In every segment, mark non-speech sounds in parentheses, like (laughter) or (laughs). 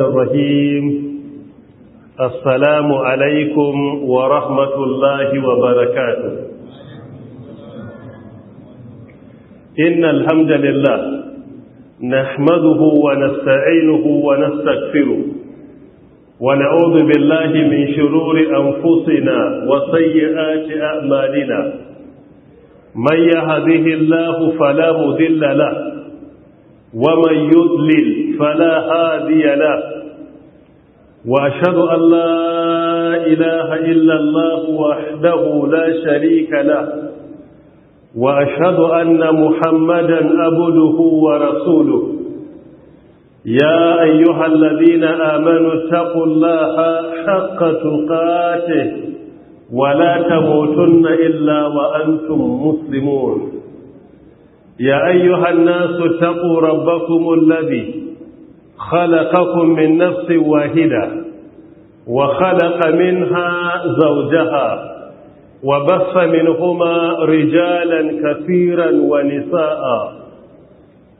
الرحيم السلام عليكم ورحمة الله وبركاته إن الحمد لله نحمده ونستعينه ونستغفره ونعوذ بالله من شرور أنفسنا وسيئات أعمالنا من يهده الله فلا مذل له ومن يضلل فلا هادي له وأشهد أن لا إله إلا الله وحده لا شريك له وأشهد أن محمدا عبده ورسوله يا أيها الذين آمنوا اتقوا الله حق تقاته ولا تموتن إلا وأنتم مسلمون يا أيها الناس اتقوا ربكم الذي خلقكم من نفس واحدة وخلق منها زوجها وبث منهما رجالا كثيرا ونساء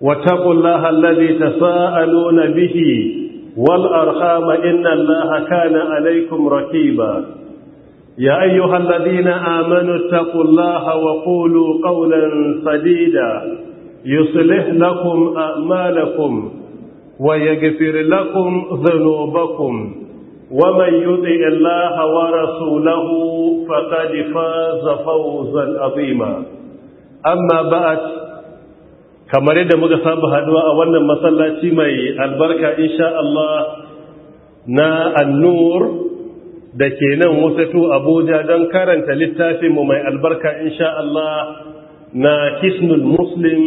واتقوا الله الذي تساءلون به والأرحام إن الله كان عليكم ركيباً يا أيها الذين آمنوا اتقوا الله وقولوا قولا سديدا يصلح لكم أعمالكم ويغفر لكم ذنوبكم ومن يطع الله ورسوله فقد فاز فوزا عظيما أما بعد kamar yadda muka saba haduwa a wannan masallaci mai albarka insha Allah na an-nur da ke nan wasatu abuja don karanta littafinmu mai albarka insha Allah na kisnul muslim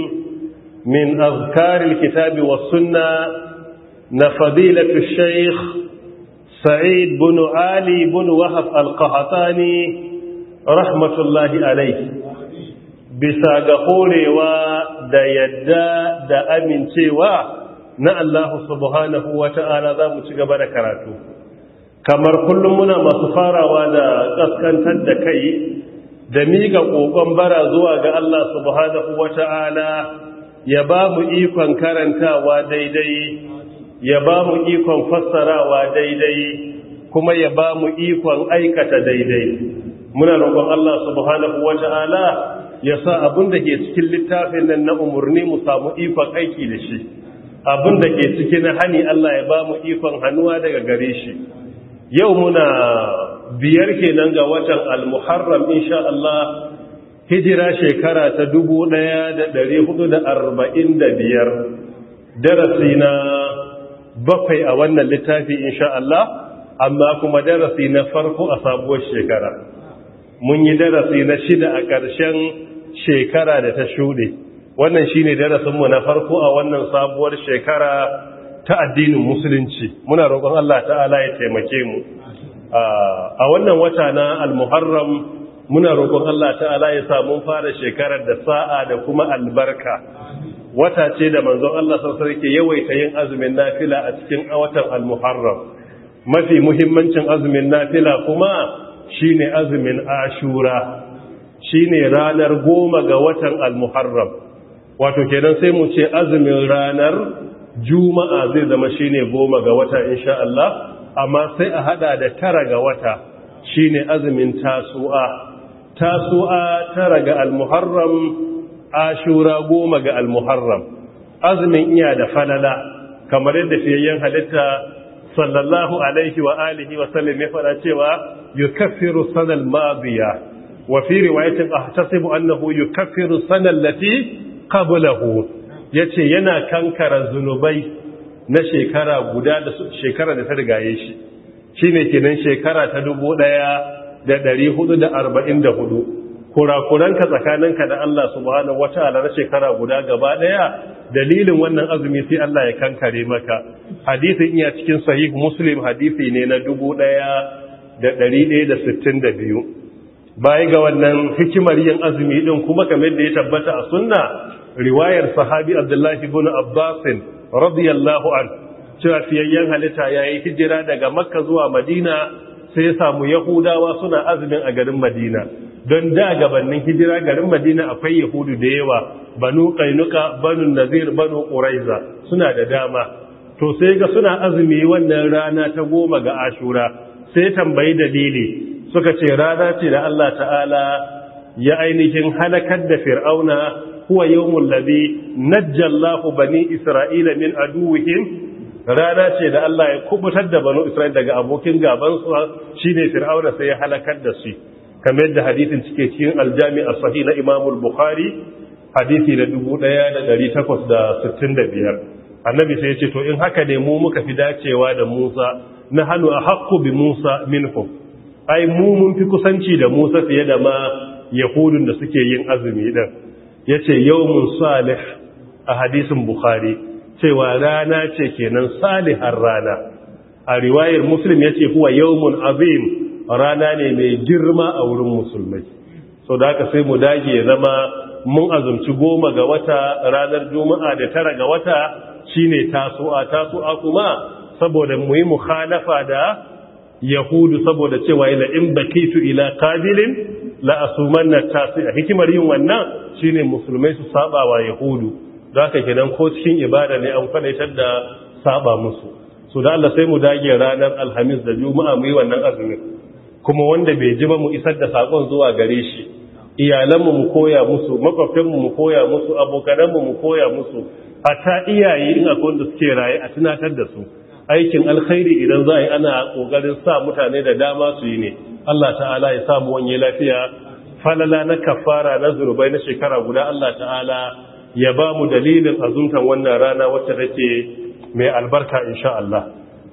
min azkaril kitabi wa sunna na fadilatu sheikh sa'id bin ali bin wahab alqahatani rahmatullahi alaihi bisa ga horewa da yadda da amincewa na Allah subhanahu wa ta'ala za mu ci gaba da karatu kamar kullum muna masu farawa da kaskantar da kai da miƙa ƙoƙon bara zuwa ga Allah subhanahu wata'ala ya ba mu ikon karantawa daidai ya ba mu ikon fassarawa daidai kuma ya ba mu ikon aikata daidai muna roƙon Allah subhanahu wata'ala ya sa abin da ke cikin littafin nan na umarni mu samu ikon aiki da shi abin da ke cikin hani Allah ya ba mu ikon hannuwa daga gare shi yau muna biyar kenan ga watan al-muharram insha Allah hijira shekara ta 1445 darasi na bakwai a wannan littafi insha Allah amma kuma darasi na farko a sabuwar shekara mun yi darasi na shida a ƙarshen shekara da ta shuɗe wannan shine darasinmu na farko a wannan sabuwar shekara ta addinin musulunci muna roƙon Allah ta'ala ya taimake mu a wannan wata na al-muharram muna roƙon Allah ta'ala ya samu fara shekarar da sa'a da kuma albarka wata ce da manzon Allah sassar ke yawaita yin azumin nafila a cikin watan al-muharram mafi muhimmancin azumin nafila kuma shine azumin ashura shine ranar goma ga watan al-muharram wato kenan sai mu ce azumin ranar juma'a zai zama shine goma ga wata insha Allah amma sai a hada da tara ga wata shine azumin tasu'a tasu'a tara ga al-muharram ashura goma ga al-muharram azumin iya da falala kamar yadda fiyayyen halitta sallallahu alaihi wa alihi wa sallam ya fada cewa yukaffiru sanal madiya wa fi riwayatin ahtasibu annahu yukaffiru sanal lati qablahu ya ce yana kankara zunubai na shekara guda da shekara da ta rigaye shi shi ne kenan shekara ta dubu ɗaya da ɗari hudu da arba'in da hudu kurakuranka tsakaninka da Allah subhanahu wata'ala na shekara guda gaba ɗaya dalilin wannan azumi sai Allah ya kankare maka hadisin iya cikin sahih muslim hadisi ne na dubu ɗaya da ɗari ɗaya da sittin da biyu baya ga wannan hikimar yin azumi din kuma kamar da ya tabbata a sunna riwayar sahabi abdullahi ibn abbas radiyallahu an cewa fiyayyen halitta yi hijira daga makka zuwa madina sai ya samu yahudawa suna azumin a garin madina don da gabanin hijira garin madina akwai yahudu da yawa banu Kainuka, banu nazir banu quraiza suna da dama to sai ga suna azumi wannan rana ta goma ga ashura sai tambayi dalili suka ce rana ce da Allah ta'ala ya ainihin halakar da fir'auna huwa yawmul ladhi najjallahu bani isra'ila min aduwwihim rana ce da Allah ya kubutar da banu isra'ila daga abokin gaban su shine fir'auna sai ya halakar da su kamar yadda hadisin cike cikin aljami as-sahih na Imam al-Bukhari hadisi da 1865 annabi sai ya ce to in haka ne mu muka fi dacewa da Musa na hanu a haqqu bi Musa minhum ai mu mun fi kusanci da Musa fiye da ma yahudun da suke yin azumi din Yace ce yawmun salih a hadisin bukhari cewa rana ce kenan salihar rana a riwayar muslim yace ce yawmun azim rana ne mai girma a wurin musulmai so da haka sai mu dage ya zama mun azumci goma ga wata ranar juma'a da tara ga wata shine tasu'a tasu'a kuma saboda mu yi mukhalafa da yahudu saboda cewa ila in bakitu ila qabilin la'asuman na tasiri hikimar yin wannan shine musulmai su saba wa yahudu za ka kenan ko cikin ibada ne an kwadaitar da saba musu Su da Allah sai mu dage ranar alhamis da juma'a mu yi wannan azumin kuma wanda bai ji ba mu isar da sakon zuwa gare shi iyalanmu mu koya musu makwabtanmu mu koya musu abokananmu mu koya musu hatta iyaye in akwai wanda suke raye a tunatar da su aikin alkhairi idan za a yi ana ƙoƙarin sa mutane da dama su yi ne Allah ta'ala ya samu wani lafiya falala na kafara na zurubai na shekara guda Allah ta'ala ya ba mu dalilin azuntan wannan rana wacce take mai albarka insha Allah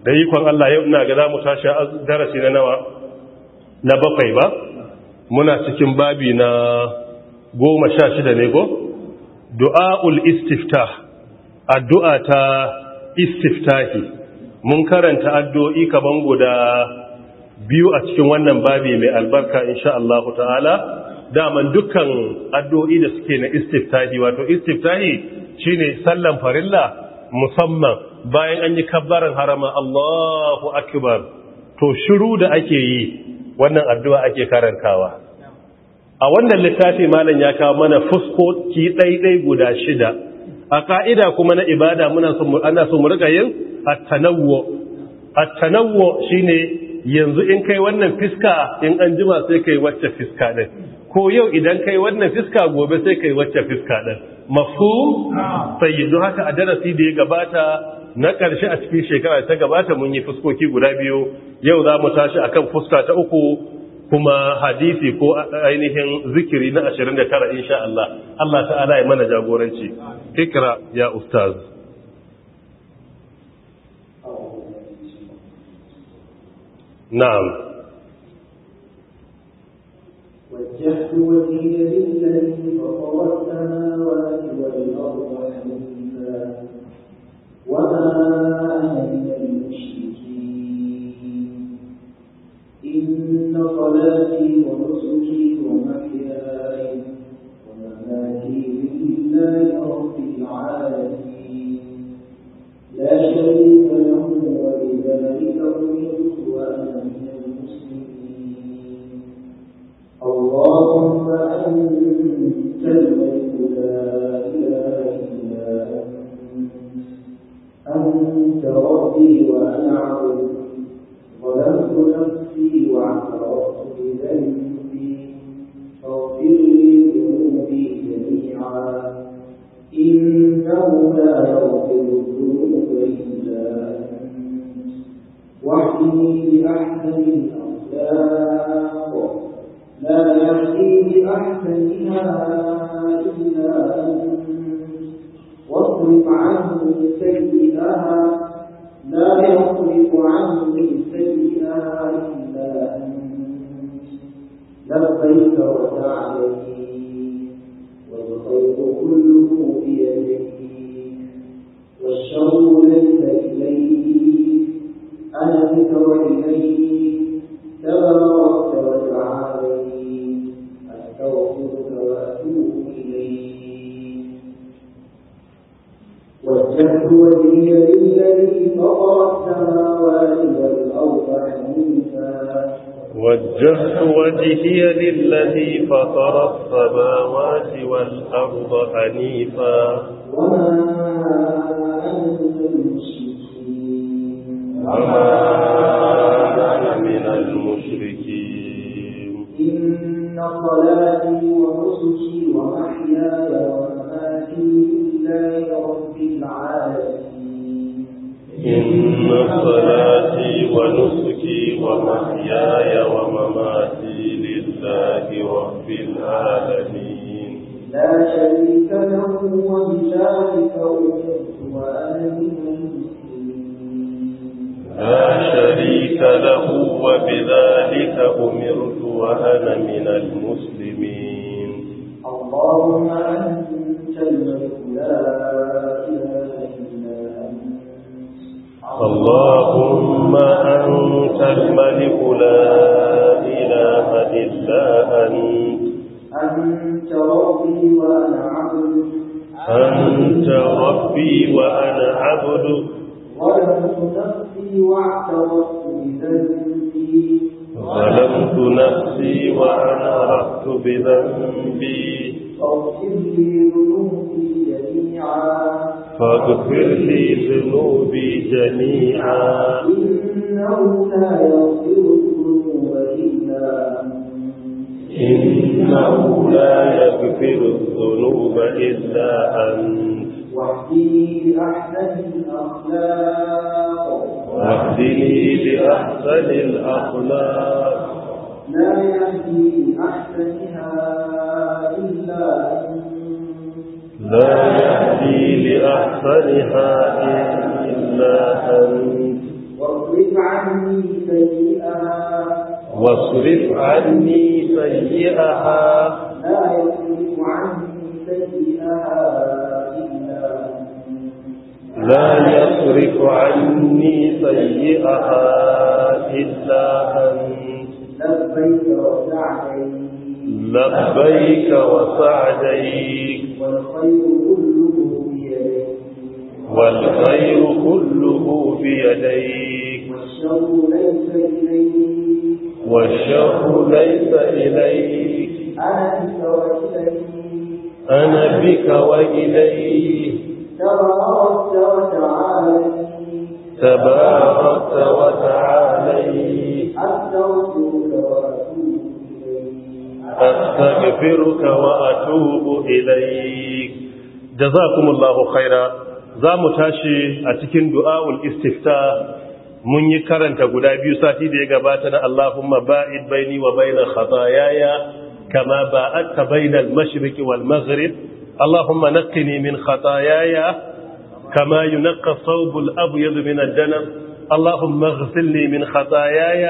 da ikon Allah yau ina ga za mu tashi darasi na nawa na bakwai ba muna cikin babi na goma sha shida ne ko du'a'ul istiftah addu'a ta istiftahi mun karanta addu'o'i kaban guda biyu a cikin wannan babi mai albarka insha Allah ta'ala daman dukkan addu'o'i da suke na istiftahi wato istiftahi ne sallan farilla musamman bayan an yi kabbarin harama Allahu akibar. to shiru da ake yi wannan addu'a ake karantawa a wannan littafi malam ya kawo mana fuskoki ɗaiɗai guda shida a ka'ida kuma na ibada muna ana so mu riƙa yin at-tanawwu shine yanzu in kai wannan fiska in an jima sai kai wacce fiska din ko yau idan kai wannan fiska gobe sai kai wacce fiska din mafhum sayyidu haka a darasi da ya gabata na karshe a cikin shekara ta gabata mun yi fuskoki guda biyu yau za mu tashi akan fuska ta uku kuma hadisi ko ainihin zikiri na 29 insha Allah Allah ta'ala ya mana jagoranci ikra ya ustaz نعم وجهت وجهي للذي فطر السماوات والارض حنيفا وما انا من المشركين ان صلاتي ونسكي ومحياي شريك له وبذلك أمرت وأنا من المسلمين اللهم أنت الملك لا إله إلا أنت اللهم أنت الملك لا إله إلا أنت أنت ربي وأنا عبدك أنت ربي وأنا عبدك ظلمت نفسي وأنا رحت بذنبي فاغفر لي ذنوبي جميعا فاغفر لي ذنوبي جميعا إنه لا يغفر الذنوب إلا أنت إنه لا يغفر الذنوب إلا أنت واهدني أحسن الأخلاق نهديه بأحسن الأخلاق لا يهدي أحسنها إلا لا يهدي لأحسنها إلا أنت واصرف عني سيئها واصرف عني سيئها لا يصرف عني سيئها لا يصرف عني سيئها إلا أنت لبيك وسعديك لبيك وسعديك والخير كله بيديك والشر ليس إليك أنا بك وإليك تباركت وتعالي تباركت أستغفرك وأتوب إليك جزاكم الله خيرا za mu tashi a cikin du'a'ul istifta mun yi karanta guda biyu sati da ya gabata na Allahumma ba'id baini wa bainal khataayaya kama ba'adta bainal mashriqi wal maghrib اللهم نقني من خطاياي كما ينقى الثوب الأبيض من الدنس اللهم اغسلني من خطاياي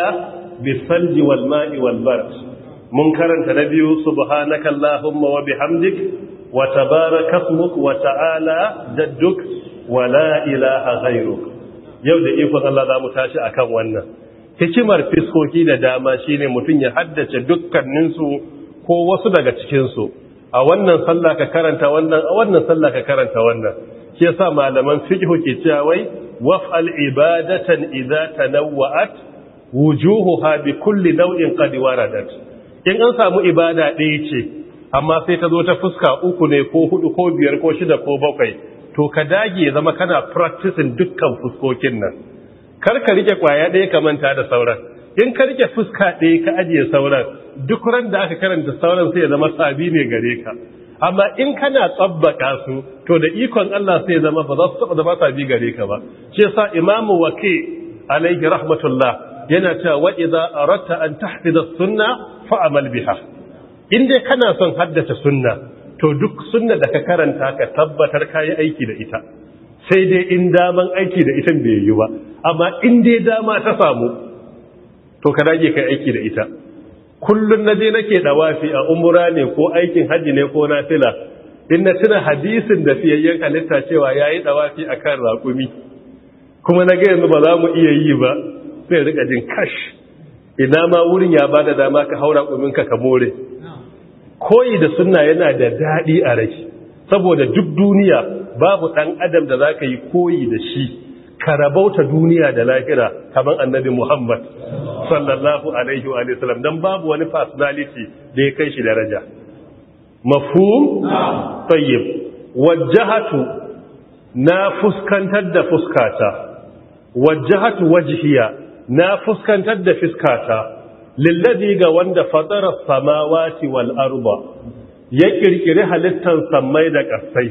بالثلج والماء والبرد منكرا تنبيه سبحانك اللهم وبحمدك وتبارك اسمك وتعالى جدك ولا إله غيرك yau da ikon Allah za mu tashi a kan wannan hikimar fiskoki da dama shine mutum ya haddace dukkaninsu ko wasu daga cikinsu a wannan sallah ka karanta wannan a wannan sallah ka karanta wannan shi yasa malaman fiqhu ke cewa wai waf'al ibadatan idza tanawwa'at wujuhuha bi kulli naw'in qad waradat in an samu ibada ɗaya ce amma sai ta zo ta fuska uku ne ko hudu ko biyar ko shida ko bakwai to ka dage zama kana practicing dukkan fuskokin nan kar ka rike kwaya ɗaya ka manta da sauran in ka rike fuska ɗaya ka ajiye sauran duk ran da aka karanta sauran sai ya zama sabi ne gare ka amma in kana tsabbaka su to da ikon Allah sai ya zama ba za su taba zama sabi gare ka ba shi yasa imamu wake alaihi rahmatullah yana cewa wa idza aratta an tahfidha sunna fa amal biha in dai kana son haddace sunna to duk sunna da ka karanta ka tabbatar kai aiki da ita sai dai in daman aiki da ita bai yi ba amma in dai dama ta samu to ka dage kai aiki da ita Kullum na je nake wafi a umura ne ko aikin haji ne ko nafila in na tuna hadisin da fiyayyen halitta cewa ya wafi a kan raƙumi kuma na yanzu ba za mu iya yi ba sai rika jin kash ina ma wurin ya ba da dama ka haura kuminka ka more koyi da sunna yana da daɗi a rai saboda duk duniya babu ɗan adam da za ka yi koyi da shi ka rabauta duniya da lafira kamar annabi muhammad sallallahu alaihi wa sallam dan babu wani personality da ya kai shi daraja mafhum tayyib wajjahatu na fuskantar da fuskata wajjahatu wajhiya na fuskantar da fiskata lillazi ga wanda fatara samawati wal arda ya ƙirƙiri halittar samai da ƙasai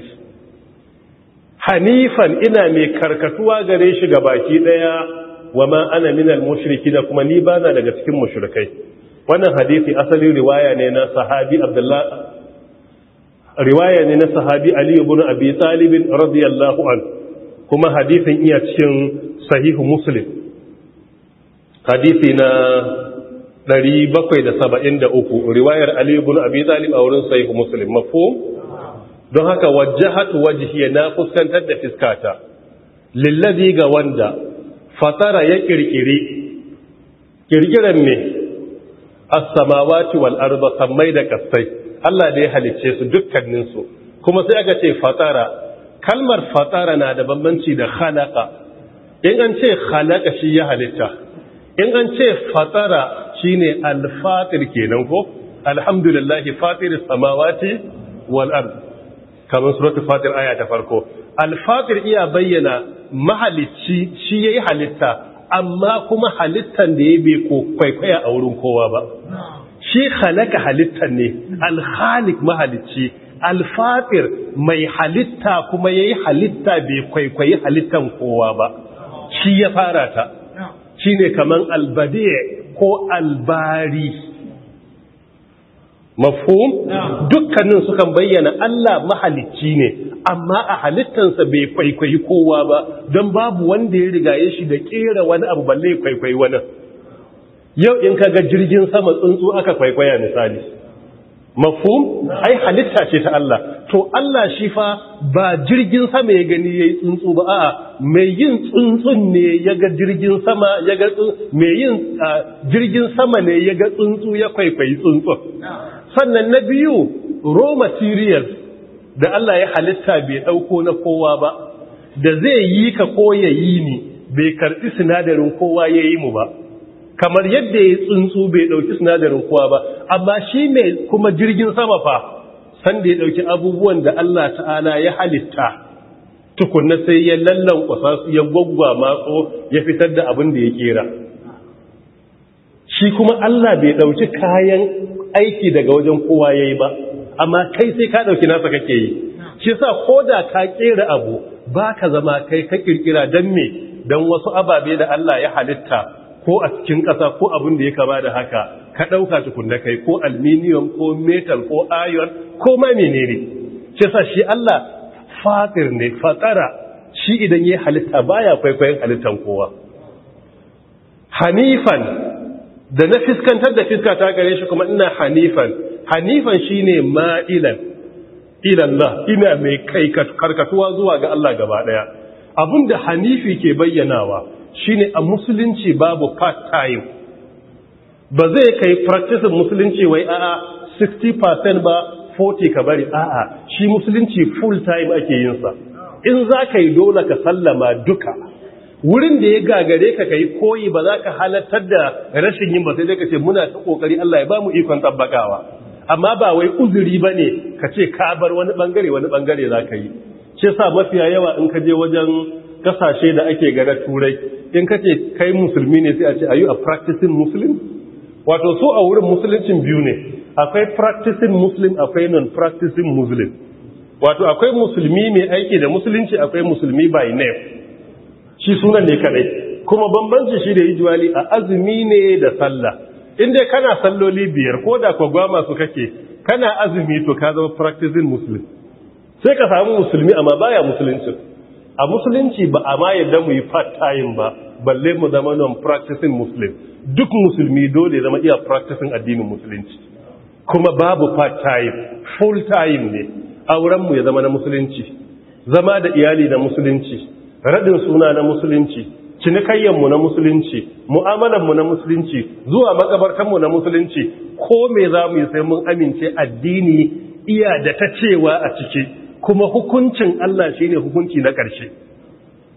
hanifan ina mai karkatuwa gare shi ga baki daya wa ma ana minal mushrikina kuma ni bana daga cikin mushrikai wannan hadisi asalin riwaya ne na sahabi Abdullahi. riwaya ne na sahabi ali ibn abi talib radiyallahu anhu. kuma hadisin iya cikin sahihu muslim hadisi na 773 riwayar ali ibn abi talib a wurin sahihu muslim mafhum don haka wajjahatu wajhiya na fuskantar da fiskata lillazi ga wanda fatara ya kirkiri kirkiran ne a samawati wal sammai da kastai. Allah da ya halicce su dukkaninsu. kuma sai aka ce fatara kalmar fatara na da bambanci da halaƙa. in an ce khalaqa shi ya halitta in an ce fatara shine al kenan ko alhamdulillahi, fatir as-samawati kamar suratul fatir aya ta farko alfatir iya bayyana mahalicci shi ya yi halitta amma kuma halittan da ya bai kwaikwaya a wurin kowa ba shi halaka halittan ne alhalik mahalicci alfafir mai halitta kuma ya yi halitta bai kwaikwayi halittan kowa ba shi ya fara ta shi ne kamar albade ko albari mafhum dukkanin sukan bayyana Allah mahalicci ne amma a halittansa bai kwaikwayi kowa ba don babu wanda ya riga rigaye shi da kera wani abu balle kwaikwayi wani yau in kaga jirgin sama tsuntsu aka kwaikwaya misali mafhum ai halitta ce ta Allah to Allah shi fa ba jirgin sama ya gani yayi tsuntsu ba a'a mai yin tsuntsun ne ya ga jirgin sama ya ga, mai yin jirgin sama ne ya ga tsuntsu ya kwaikwayi tsuntsu? sannan na biyu raw materials da Allah ya halitta bai ɗauko na kowa ba da zai yi ka ko ya yi ni bai karɓi sinadarin kowa ya yi mu ba kamar yadda ya tsuntsu bai ɗauki sinadarin kowa ba amma shi mai kuma jirgin sama fa sanda ya ɗauki abubuwan da Allah ta'ala ya halitta tukunna sai ya lallan kwasa ya gwaggwa matso ya fitar da abin da ya kera shi kuma Allah bai ɗauki kayan aiki daga wajen kowa yi ba amma kai sai ka ɗauki nasa kake yi shi ko da ka kera abu ba ka zama kai ka ƙirƙira dan me don wasu ababe da Allah ya halitta ko a cikin ƙasa ko abin da ya kama da haka ka dauka tukunna kai ko alminiyum ko metal ko ayon ko ma menene shi sa shi Allah fatir ne fatara shi idan ya halitta baya kwaikwayon halittan kowa hanifan da na fiskantar da fiska ta gare shi kuma ina hanifan hanifan shine ma'ilan ilallah ina mai kai karkatuwa zuwa ga Allah gaba daya abinda hanifi ke bayyanawa shine a musulunci babu part time ba zai kai practice musulunci wai a'a 60% ba 40 ka bari a'a shi musulunci full time ake yin sa in za ka yi dole ka sallama duka wurin da ya gagare ka kai koyi ba za ka halattar da rashin yin ba sai dai ka ce muna ta kokari Allah ya ba mu ikon tabbakawa amma ba wai uzuri bane ka ce ka bar wani bangare wani bangare za ka yi shi yasa mafiya yawa in ka je wajen ƙasashe da ake gara turai in ka ce kai musulmi ne sai a ce are you a practicing muslim wato so a wurin musuluncin biyu ne akwai practicing muslim akwai non practicing muslim wato akwai musulmi mai aiki da musulunci akwai musulmi by name shi sunan ne kadai kuma bambanci shi da ijiwali a azumi ne da sallah inda kana salloli biyar ko da gwa masu kake kana azumi to ka zama practicing muslim sai ka samu musulmi amma baya musulunci a musulunci ba a ma yadda mu yi part time ba balle mu zama non practicing muslim duk musulmi dole zama iya practicing addinin musulunci kuma babu part time full time ne auren mu ya zama na musulunci zama da iyali na musulunci radin suna na musulunci cinikayyanmu na musulunci mu'amalanmu na musulunci zuwa makabartanmu na musulunci ko me za mu yi sai mun amince addini iya da ta cewa a ciki kuma hukuncin Allah shi ne hukunci na ƙarshe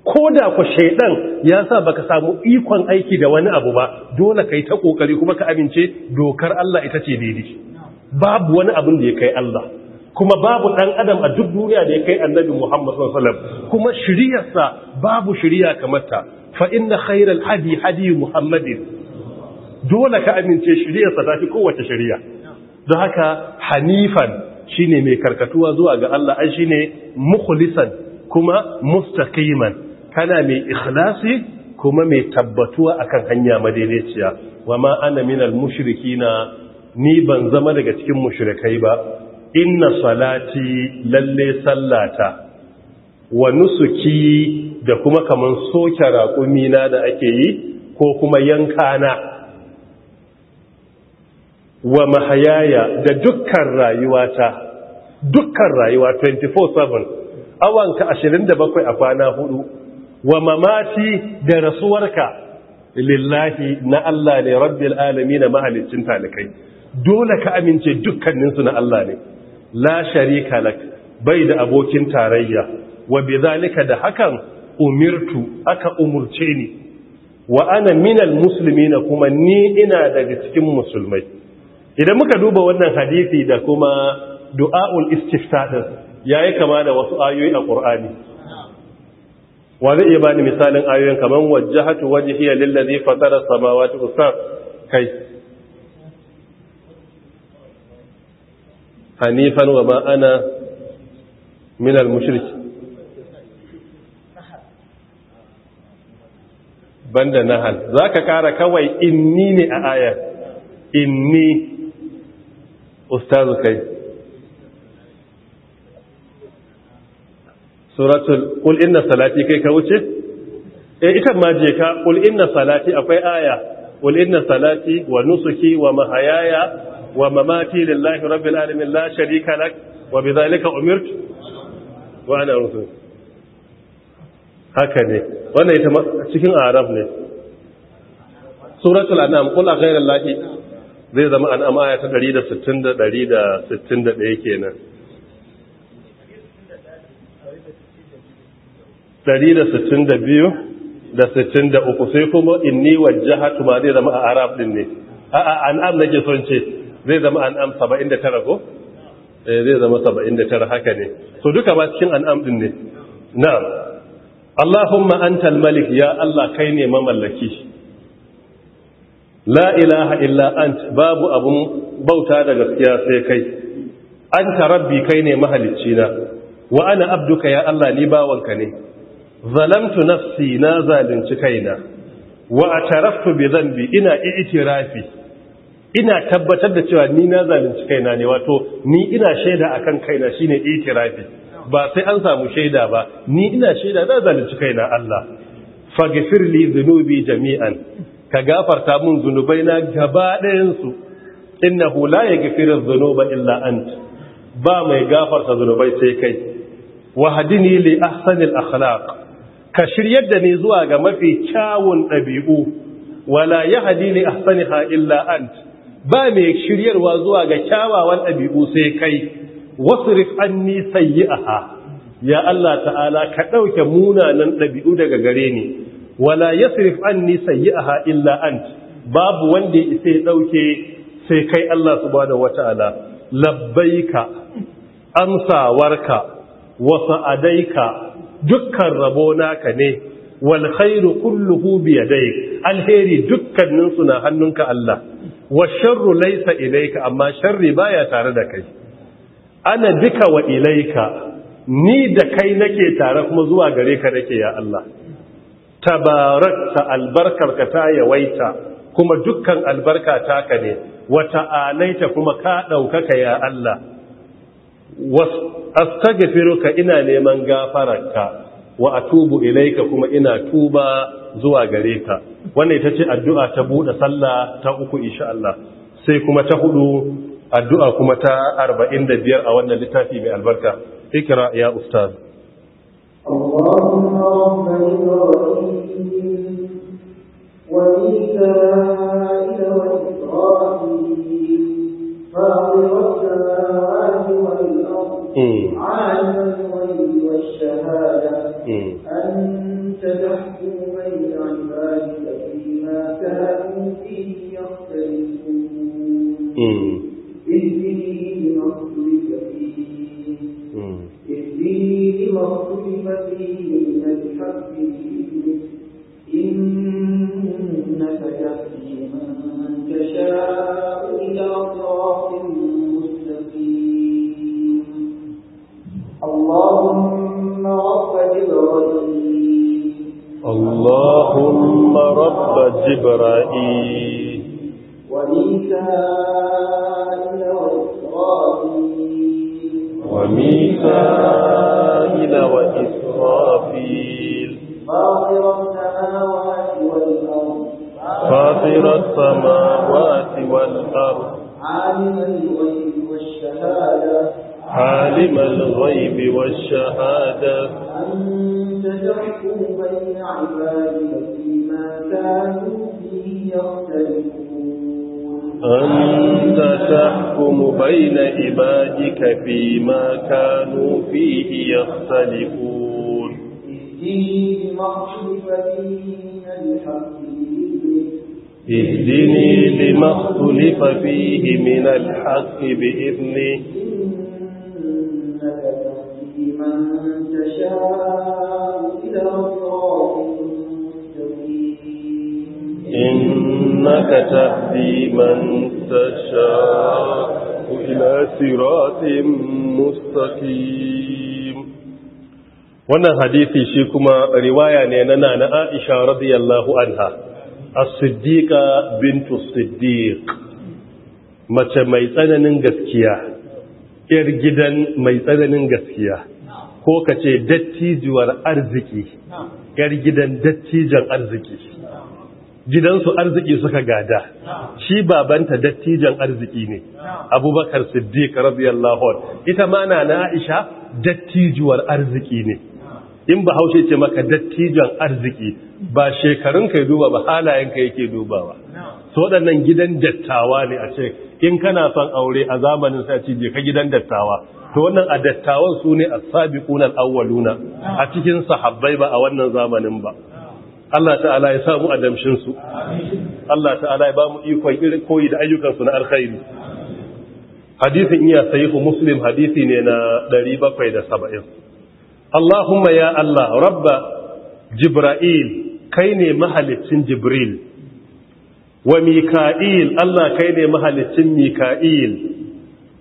ko da ku shaidan ya sa baka samu ikon aiki da wani abu ba dole ka yi ta ƙoƙari kuma ka amince dokar Allah ita ce daidai babu wani abin da ya kai Allah kuma babu ɗan adam a duk duniya da ya kai annabi Muhammad sallallahu alaihi kuma shiriyarsa babu shiriya kamar ta fa inna khairal hadi hadi Muhammadin dole ka amince shiriyarsa ta fi kowace shiriya don haka hanifan shine mai karkatuwa zuwa ga Allah an shine mukhlisan kuma mustaqiman kana mai ikhlasi kuma mai tabbatuwa akan hanya madaidaiciya wama ana minal mushrikina ni ban zama daga cikin mushrikai ba inna salati lalle sallata wa nusuki da kuma kaman soke raƙumina da ake yi ko kuma yankana wa mahayaya da dukkan rayuwata dukkan rayuwa 24/7 awanka 27 a kwana hudu wa mamati da rasuwarka lillahi na Allah ne rabbil alamin ma'alicin talikai dole ka amince dukkaninsu na Allah ne la sharika lak bai da abokin tarayya wa bidhalika da hakan umirtu aka umurce ni wa ana minal muslimina kuma ni ina daga cikin musulmai idan muka duba wannan hadisi da kuma du'aul istifta yayi kama da wasu ayoyi a Qur'ani wa zai iya bani misalin ayoyin kaman wajjahatu wajhiya lil ladhi fatara samawati wasab kai hanifan wa ma ana min al-mushriki banda nahal zaka kara kawai inni ne a aya inni Ustaz kai suratul qul inna salati kai ka wuce eh ita ma je ka qul inna salati akwai aya qul inna salati wa nusuki wa mahayaya wa mamati lillahi rabbil alamin la sharika lak wa bidhalika umirtu wa ana rasul haka ne wannan ita cikin arab ne suratul an'am qul ghayra allahi zai zama an'am aya ta 160 da 161 kenan 162 da 63 sai kuma inni wajjahatu ma zai zama a arab din ne a'a an'am ke son ce zai zama an'am 79 ko eh zai zama 79 haka ne so duka ba cikin an'am din ne na'am Allahumma antal malik ya Allah kai ne mamallaki la ilaha illa ant babu abun bauta da gaskiya sai kai anta rabbi kai ne mahalicci na wa ana abduka ya Allah ni bawanka ne zalamtu nafsi na zalunci kaina wa ataraftu bi dhanbi ina i'tirafi ina tabbatar da cewa ni na zalunci kaina ne wato ni ina shaida akan kaina shine itirafi ba sai an samu shaida ba ni ina shaida na zalunci kaina Allah faghfir li dhunubi jami'an ka gafarta mun zunubai na gaba ɗayan su innahu la yaghfiru dhunuba illa ant ba mai gafarta zunubai sai kai wahdini li ahsanil akhlaq ka shiryar da ni zuwa ga mafi kyawun ɗabi'u wala yahdini ahsaniha illa ant ba mai shiryarwa zuwa ga kyawawan ɗabi'u sai kai wasu rifanni aha, ya Allah ta'ala ka ɗauke munanan ɗabi'u daga gare ni wala yasrif anni aha illa an, babu wanda ya isa ya ɗauke sai kai Allah da wata'ala labbaika amsawarka wa sa'adaika dukkan rabo naka ne wal khairu kulluhu bi yadayk alheri dukkanin na hannunka Allah wa sharru laysa ilayka amma sharri baya tare da kai ana bika wa ilayka ni da kai nake tare kuma zuwa gare ka nake ya Allah tabarakta albarkarka ta yawaita kuma dukkan albarka ka ne wa ta'alaita kuma ka daukaka ya Allah astaghfiruka ina neman gafararka wa atubu ilaika kuma ina tuba zuwa gare ka wannan ita ce addu'a ta buɗe sallah ta uku insha Allah sai kuma ta hudu addu'a kuma ta 45 a wannan littafi mai albarka ikra ya ustaz Allahumma rabbana wa عالم الغيب والشهادة أنت تحكم بين عبادك فيما كانوا فيه يختلفون اهدني لما اختلف فيه اهدني لما اختلف فيه من الحق إنك تهدي من تشاء إلى صراط اللهم رب جبرائيل اللهم رب جبرائيل وميكائيل وإسرافيل وميكائيل وإسرافيل فاطر السماوات والأرض فاطر السماوات والأرض عالم الغيب والشهادة عالم الغيب والشهادة أنت تحكم بين عبادك فيما كانوا فيه يختلفون أنت تحكم بين عبادك فيما كانوا فيه يختلفون اهدني فيه من الحق اهدني لما اختلف فيه من الحق بإذنه wannan hadisi shi kuma riwaya ne na nana Aisha radiyallahu anha as-siddiqa bintu siddiq mace mai tsananin gaskiya ‘yar gidan mai tsananin gaskiya ko ka ce dattijuwar arziki gidan dattijan arziki gidansu arziki suka gada shi babanta dattijan arziki ne abubakar siddiq radiyallahu anhu ita ma na aisha dattijuwar arziki ne in ba haushe ce maka dattijan arziki ba shekarun kai duba ba halayen kai yake dubawa su waɗannan gidan dattawa ne a ce in kana son aure a zamanin sai ce ka gidan dattawa to wannan a dattawan su ne a Auwalu awwaluna a cikin sahabbai ba a wannan zamanin ba Allah ta'ala ya samu adamshin su Allah ta'ala ya ba mu ikon irin koyi da ayyukan na alkhairi Hadithin iya ku muslim hadisi ne na saba'in. Allahumma ya Allah rabba jibra'il kai ne mahaliccin jibril wa mika'il Allah kai ne mahalicin mika'il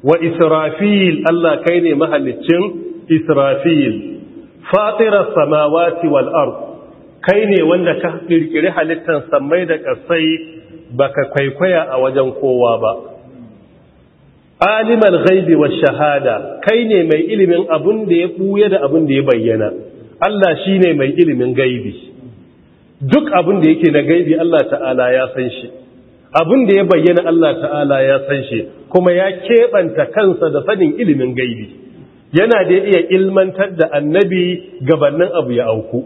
wa israfil Allah kai ne mahalicin israfil fatirar samawati wal ard kai ne wanda ka kirkiri halittar samai da kasai baka kwaikwaya a wajen kowa ba alimal ghaibi wa shahada kai ne mai ilimin abun da ya buya da abun da ya bayyana Allah shine mai ilimin gaibi duk abin da yake na gaibi Allah ta'ala ya san shi abin da ya bayyana Allah ta'ala ya san shi kuma ya keɓanta kansa da sanin ilimin gaibi yana da iya ilmantar da annabi gabanin abu ya auku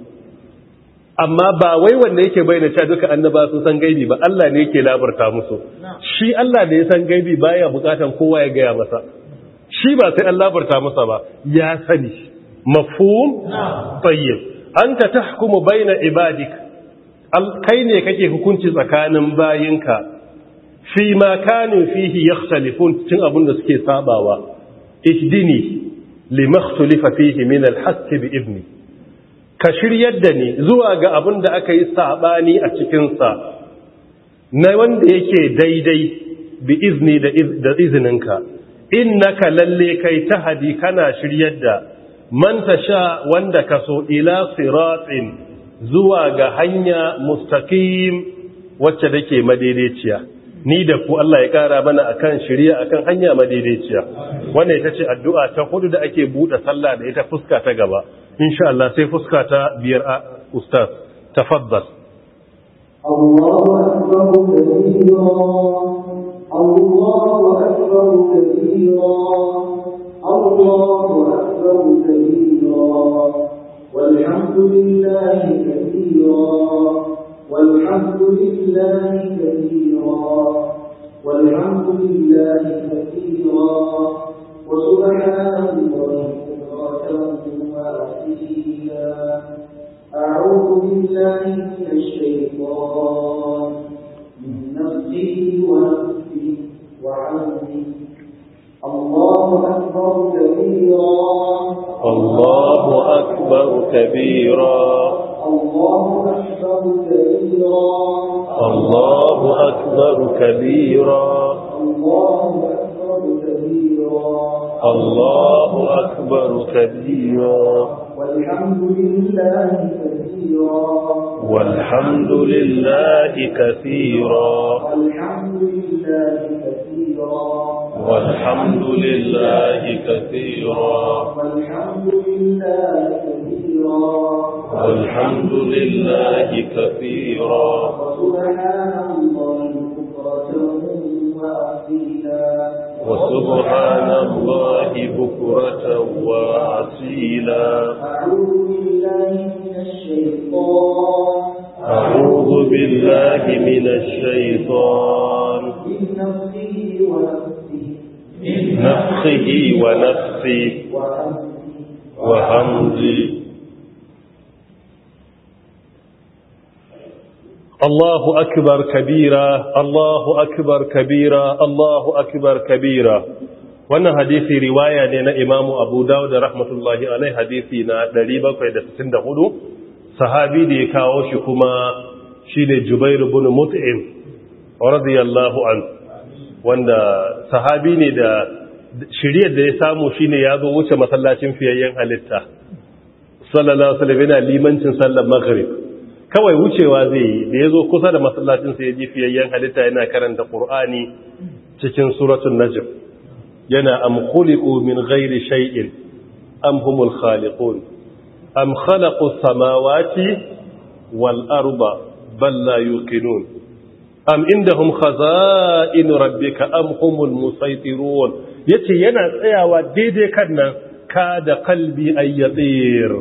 amma ba wai wanda yake bayyana cewa duka annaba sun san gaibi ba Allah ne yake labarta musu shi Allah da ya san gaibi baya bukatan kowa ya gaya masa shi ba sai Allah labarta masa ba ya sani mafhum tayyib anta tahkumu baina ibadik kai ne kake hukunci tsakanin bayinka fi ma kanin fihi yakhtalifun cin abin da suke sabawa ihdini makhtulifa fihi min al alhaqq bi ibni ka shiryar da ni zuwa ga abin da aka yi sabani a cikin sa na wanda yake daidai bi izni da izininka innaka lalle kai ta tahdi kana shiryar da man tasha wanda ka so ila siratin zuwa ga hanya mustaqim wacce take madaidaiciya ni da ku Allah ya kara mana akan shari'a akan hanya madaidaiciya wannan ita ce addu'a ta hudu da ake bude sallah da ita fuska ta gaba insha Allah sai fuska ta biyar ustaz tafaddal ta أكبر كثيرا الله أكبر كثيرا لله كثيرا والحمد لله كثيرا والحمد لله كثيرا وسبحان الله كثيرا أعوذ بالله من الشيطان من نفسه ونفسه وعمله الله أكبر كبيرا الله أكبر كبيرا الله أكبر كبيرا الله أكبر كبيرا الله أكبر كبيرا والحمد لله كثيرا والحمد لله كثيرا والحمد لله كثيرا والحمد لله كثيرا والحمد لله كثيرا وسبحان الله بكرة وأصيلا أعوذ بالله من الشيطان أعوذ بالله من الشيطان نفسه ونفسه نفخه ونفسي وهمزي الله أكبر كبيرا الله أكبر كبيرا الله أكبر كبيرا wannan hadisi riwaya ne na imamu abu dawud rahmatullahi alai hadisi na 764 sahabi da ya kawo shi kuma shi ne jubairu bun mut'im radiyallahu anhu wanda sahabi ne da shiriyar da ya samu shine ya zo wuce masallacin fiyayyen halitta sallallahu alaihi na yana limancin sallar maghrib kawai wucewa zai yi da ya zo kusa da masallacin sai ya ji fiyayyen halitta yana karanta qur'ani cikin suratun Najib yana am khuliqu min ghairi shay'in am humul khaliqun am samawati wal arda bal la am indahum khaza'in rabbika am humul musaytirun yace yana tsayawa daidai kan nan ka da kalbi ayyatir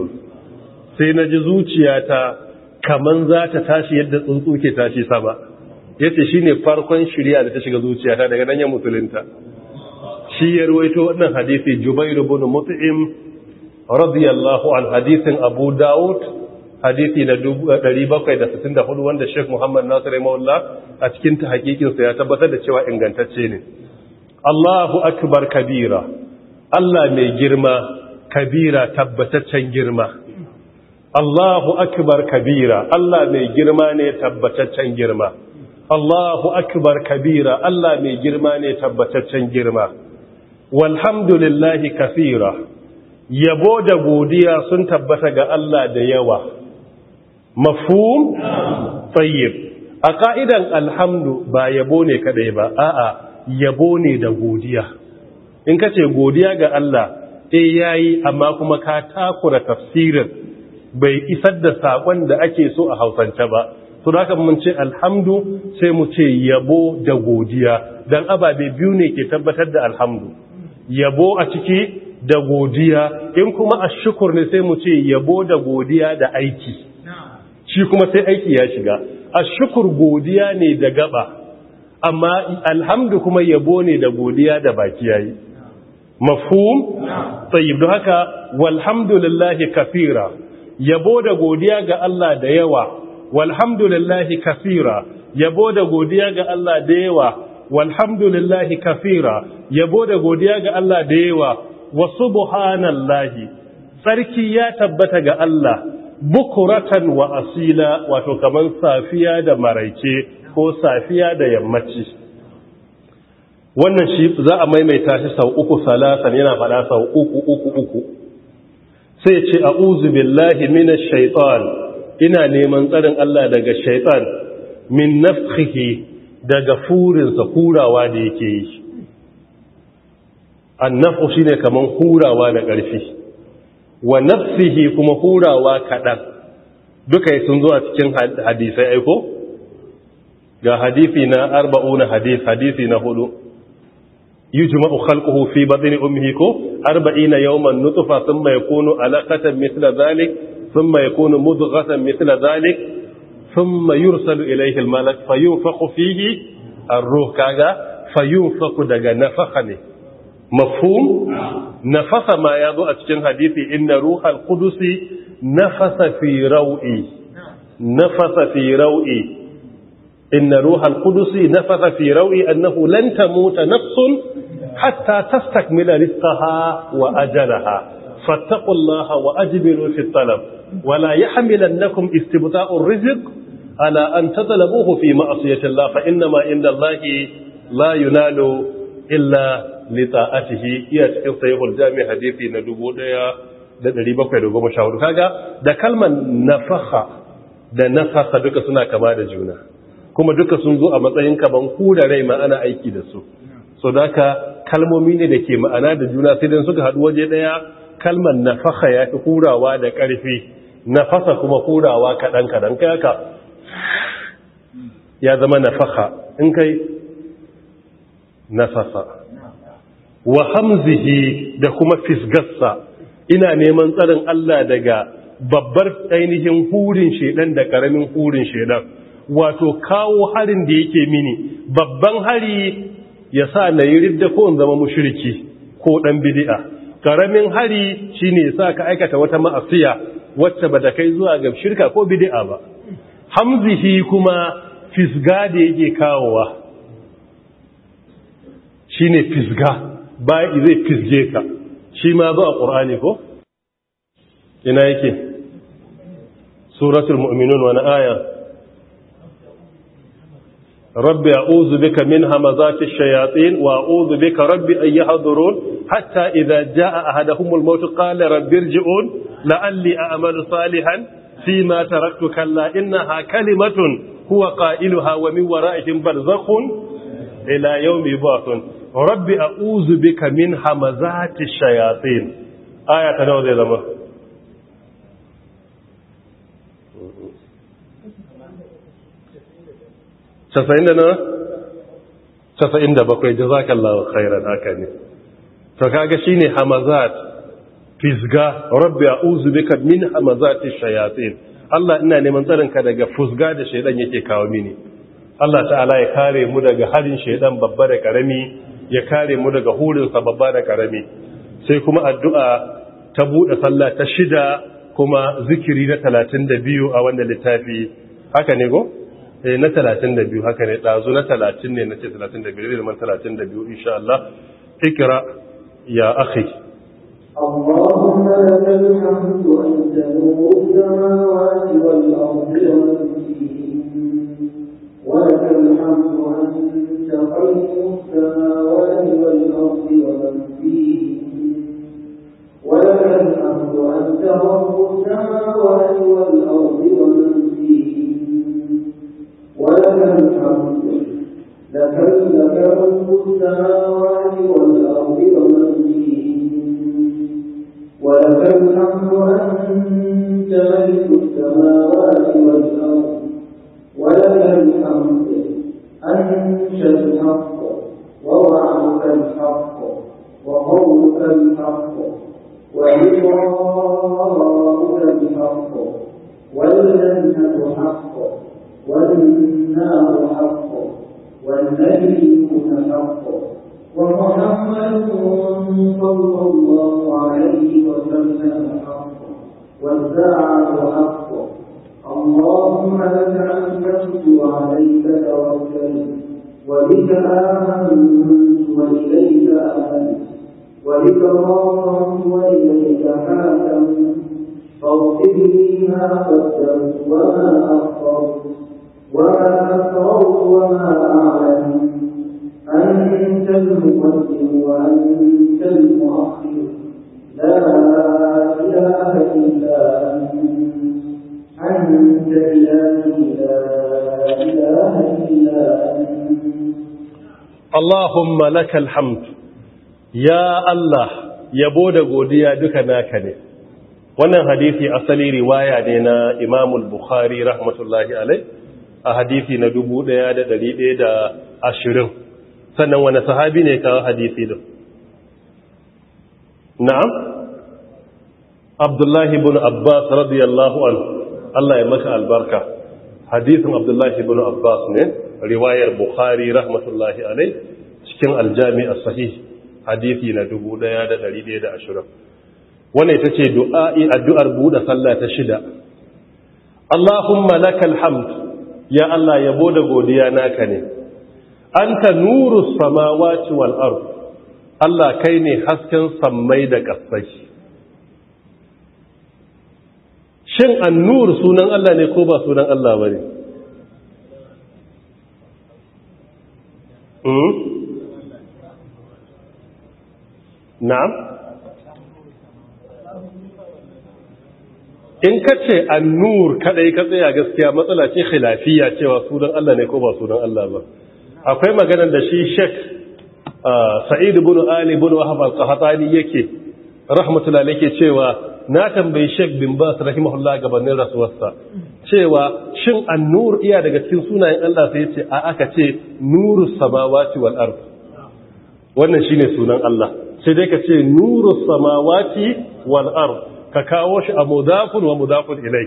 sai na ji zuciyata kaman za ta tashi yadda tsuntsu ke tashi saba yace shine farkon shirya da ta shiga zuciyata daga nan ya musulunta shi ya ruwaito wannan hadisi Jubair ibn Mut'im radiyallahu an hadisin Abu Da'ud. hadisi na 764 eh, wanda Sheikh Muhammad Nasir Maula a cikin ta hakikinsa ya tabbatar da cewa ingantacce ne Allahu akbar kabira Allah mai girma kabira tabbataccen girma Allahu akbar kabira Allah mai girma ne tabbataccen girma Allahu akbar kabira Allah mai girma ne tabbataccen girma walhamdulillahi kaseera yabo da godiya sun tabbata ga Allah da yawa mafhum tayyib a ka'idan alhamdu ba yabo ne kadai ba a'a yabo ne da godiya in kace godiya ga Allah eh yayi amma kuma ka takura tafsirin bai isar da sakon da ake so a Hausance ba to da mun ce alhamdu sai mu ce yabo da godiya dan ababe biyu ne ke tabbatar da alhamdu yabo a ciki da godiya in kuma ashukur ne sai mu ce yabo da godiya da aiki shi kuma sai aiki ya shiga ashukur godiya ne da gaba amma alhamdu kuma yabo ne da godiya da baki ya yayi mafhum tayyib don haka walhamdulillahi kafira yabo da godiya ga Allah da yawa walhamdulillahi kafira yabo da godiya ga Allah da yawa walhamdulillahi kafira yabo da godiya ga Allah da yawa wa subhanallahi sarki ya tabbata ga Allah bukuratan wa asila wato kaman safiya da maraice ko safiya da yammaci wannan shi za a maimaita shi sau uku salasan yana faɗa sau uku uku uku sai ce a billahi mina shaitan ina neman tsarin Allah daga shaitan min nafkihi daga furinsa hurawa da yake yi shi ne kaman hurawa da ƙarfi wa nafsihi kuma hurawa kaɗan duka sun zuwa cikin hadisai aiko ga hadisi na arba'una hadis hadisi na hudu yujma'u khalquhu fi batni ummihi ko Arba'ina yawman sun nutfa thumma yakunu alaqatan mithla dhalik thumma yakunu mudghatan mithla dhalik thumma yursalu ilayhi almalak fayunfakhu fihi a ruh kaga fayunfakhu daga nafakha ne مفهوم نعم. نفس ما يضوء اتشن حديثي إن روح القدس نفس في روئي نعم. نفس في روئي إن روح القدس نفس في روئي أنه لن تموت نفس حتى تستكمل رزقها وأجلها فاتقوا الله وأجبروا في الطلب ولا يحملنكم استبطاء الرزق على أن تطلبوه في معصية الله فإنما عند الله لا ينال إلا li ta'atihi iya cikin sahihul jami hadisi na 1714 kaga da kalman nafaha da nafaha duka suna kama da juna kuma duka sun zo a matsayin kaman da rai ma'ana aiki da su so daka kalmomi ne da ke ma'ana da juna sai dan suka haɗu waje ɗaya, kalman nafaha ya fi hurawa da ƙarfi nafasa kuma hurawa kaɗan kaɗan kai ya zama nafaha in kai nafasa wa hamzihi da kuma fisgarsa ina neman tsarin Allah daga babbar ainihin hurin shedan da karamin hurin shedan wato kawo harin da yake mini babban hari ya sa na yi ridda ko in zama mushriki ko ɗan bid'a karamin hari shine ya sa ka aikata wata ma'asiya wacce ba da kai zuwa ga shirka ko bid'a ba hamzihi kuma fisga da yake kawowa shine fisga ba zai fisge ka shi ma zo a ƙur'ani ko ina yake suratul mu'minun wani aya rabbi a'udhu bika min hamazati shayatin wa a'udhu bika rabbi an yahdurun hatta ja a jaa ahaduhumul maut qala rabbi irji'un la'alli a'malu salihan fima taraktu kalla innaha kalimatun huwa qailuha wa min wara'ihim barzakhun ila yawmi yub'athun rabbi a'udhu bika min hamazati shayatin aya ta nawa zai zama casa'in da na casa'in da bakwai lawa khairan haka ne ta kaga shine hamazat fisga rabbi a'udhu bika min hamazati shayatin Allah ina neman tsarinka daga fusga da shaidan yake kawo mini Allah ta'ala ya kare mu daga harin shaidan babba da karami ya kare mu daga hurinsa babba da karami sai kuma addu'a ta buɗe sallah ta shida kuma zikiri na talatin da biyu a wanda littafi haka ne go? eh na talatin da biyu haka ne ɗazu na talatin ne na ce talatin da biyu da talatin da biyu insha Allah ikira ya akhi اللهم لك الحمد أنت نور السماوات والأرض والأرض ولك الحمد أنت خير السماوات والأرض ومن فيهن ولك الحمد أنت رب السماوات والأرض ومن فيهن ولك الحمد السماوات والأرض Allahumma lakal hamd ya Allah yabo da godiya duka naka ne wannan hadisi asali riwaya ne na Imam al-Bukhari rahmatullahi alai a hadisi na 1120 sannan wani sahabi ne kawo hadisi din na'am Abdullahi ibn Abbas radiyallahu anhu Allah ya maka albarka hadisin Abdullahi ibn Abbas ne riwayar Bukhari rahmatullahi alai cikin aljami a sahih hadithi na ashirin? wannan ta ce du'a'i addu'ar buɗe sallah ta shida Allahumma lakal hamd ya Allah yabo da godiya naka ne anta nuru samawati wal ard Allah kai ne hasken sammai da ƙasai shin annur sunan Allah ne ko ba sunan Allah ba ne? Hmm? na'am in ka ce annur kadai ka tsaya gaskiya matsala ce khilafiya cewa sunan Allah ne ko ba sunan Allah ba akwai maganar da shi Sheikh ah, Sa'id ibn Ali ibn Wahab al-Qahtani yake rahmatullahi yake cewa na tambayi shek bin Bas rahimahullah gabanin rasuwarsa cewa shin annur iya daga cikin sunayen Allah sai yace a aka ce nurus samawati wal ard wannan shine sunan Allah sai dai ka ce nuru samawati wal ka kawo shi a mudafun wa mudafun ilai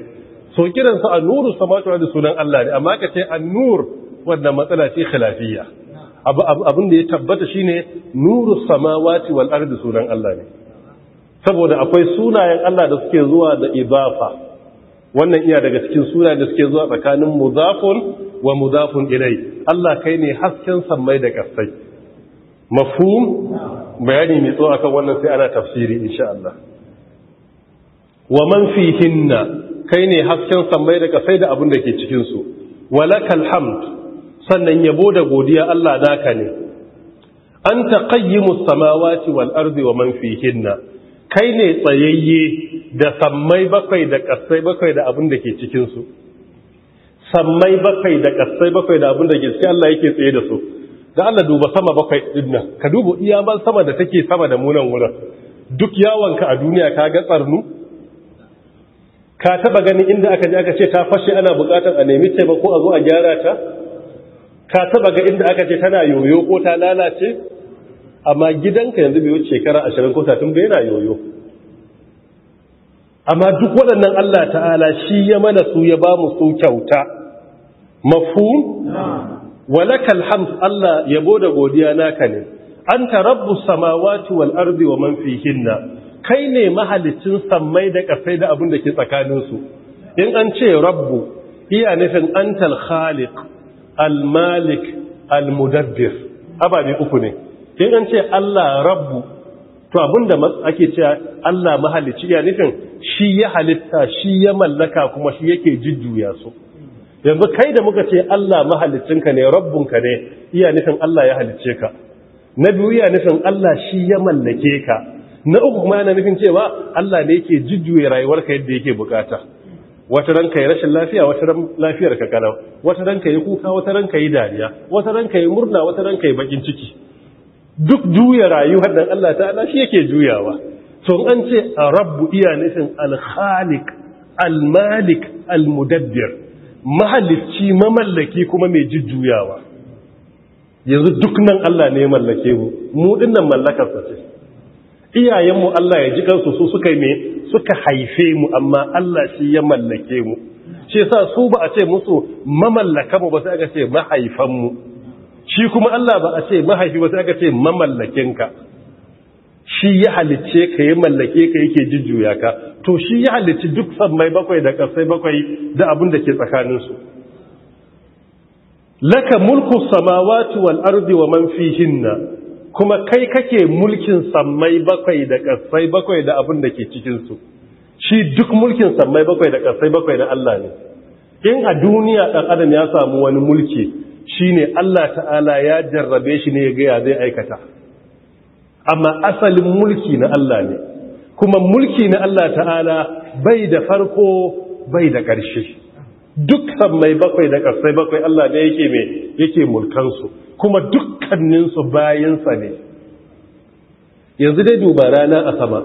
so kiran sa nuru samawati wa sunan Allah ne amma ka ce an-nur wanda matsala ce khilafiyya abin da ya tabbata shine nuru samawati wal sunan Allah ne saboda akwai sunayen Allah da suke zuwa da Ibafa wannan iya daga cikin sunayen da suke zuwa tsakanin mudafun wa mudafun ilai Allah kai ne hasken sammai da kasai mafhum bayani mai tsawo akan wannan sai ana tafsiri insha Allah wa man hinna kai ne hasken sammai da kasai da abin da ke cikin su walakal hamd sannan yabo da godiya Allah naka ne anta qayyimus samawati wal ardi wa man hinna. kai ne tsayayye da sammai bakwai da kasai bakwai da abin da ke cikin su sammai bakwai da kasai bakwai da abin da ke cikin Allah yake tsaye da su da Allah duba sama bakwai ibna, ka duba iya sama da take sama da munan wurin duk yawonka a duniya ka ga tsarnu ka taba gani inda aka je aka ce ta fashe ana bukatar a nemi taimako a zo a gyara ta ka taba ga inda aka ce tana yoyo ko ta lalace amma gidanka yanzu bai wuce shekara 20 ko 30 bai yana yoyo amma duk waɗannan Allah ta'ala shi ya mana su ya ba mu su kyauta mafhum walakal hamd Allah yabo da godiya naka ne anta rabbus samawati wal ardi wa man fihinna kai ne mahalicin sammai da kasai da abin da ke tsakanin su in an ce rabbu iya nufin antal khaliq al malik al mudabbir ababe uku ne in an ce Allah rabbu to abinda ake cewa Allah mahalici iya nufin shi ya halitta shi ya mallaka kuma shi yake jujjuya su yanzu kai da muka ce Allah mahalicinka ne rabbunka ne iya nufin Allah ya halicce ka na biyu iya nufin Allah shi ya mallake ka na uku kuma yana nufin cewa Allah ne yake jujjuye ka yadda yake bukata wata ranka yi rashin lafiya wata ran lafiyar ka kalau wata ranka yi kuka wata ranka yi dariya wata ranka yi murna wata ranka yi bakin ciki duk juya rayuwar nan Allah ta'ala shi yake juyawa to an ce a rabbu iya nufin al-khaliq al-malik al-mudabbir mahalicci mamallaki kuma mai jujjuyawa yanzu duk nan Allah ne mallake mu mu dinnan sa ce iyayenmu Allah ya ji kansu su suka me suka haife mu amma Allah shi ya mallake mu shi yasa su ba a ce musu mamallaka mu ba sai aka ce mahaifan mu shi kuma Allah ba a ce mahaifi ba sai aka ce ka shi ya halicce ka ya mallake ka yake jujjuya ka to shi ya halicci duk sammai bakwai da ƙasai bakwai da abin da ke tsakaninsu laka mulku samawati wal ardi wa man fihinna kuma kai kake mulkin sammai bakwai da ƙasai bakwai da abin da ke cikinsu shi duk mulkin sammai bakwai da ƙasai bakwai da Allah ne in a duniya ɗan adam ya samu wani mulki shine Allah ta'ala ya jarrabe shi ne ya gaya zai aikata amma asalin mulki na Allah ne kuma mulki na Allah ta'ala bai da farko bai da ƙarshe dukkan mai bakwai da ƙarsai bakwai Allah da yake mai yake mulkansu kuma dukkaninsu bayansa ne yanzu dai duba rana a sama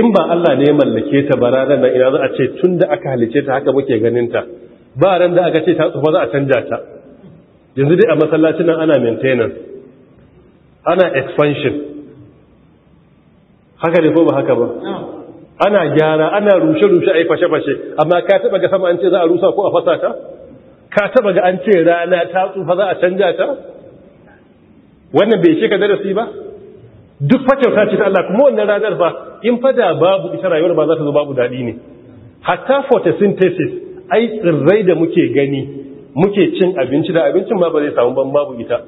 in ba Allah ne ya mallake ta ba ranar nan ina za a ce tun da aka halice ta haka muke ganinta ba ran da aka ce ta tsufa za a canja ta yanzu dai a masallacin nan ana maintenance ana expansion haka ne ko ba haka ba ana gyara ana rushe-rushe a yi fashe-fashe amma ka taba ga sama an ce za a rusa ko a fasa ta ka taba ga an ce rana ta tsufa za a canja ta wannan bai ce ka darasi ba duk ta ce ta Allah kuma wannan ranar ba in fada babu ita rayuwar ba za ta zo babu daɗi ne hatta photosynthesis ai tsirrai da muke gani muke cin abinci da abincin ma ba zai samu ban babu ita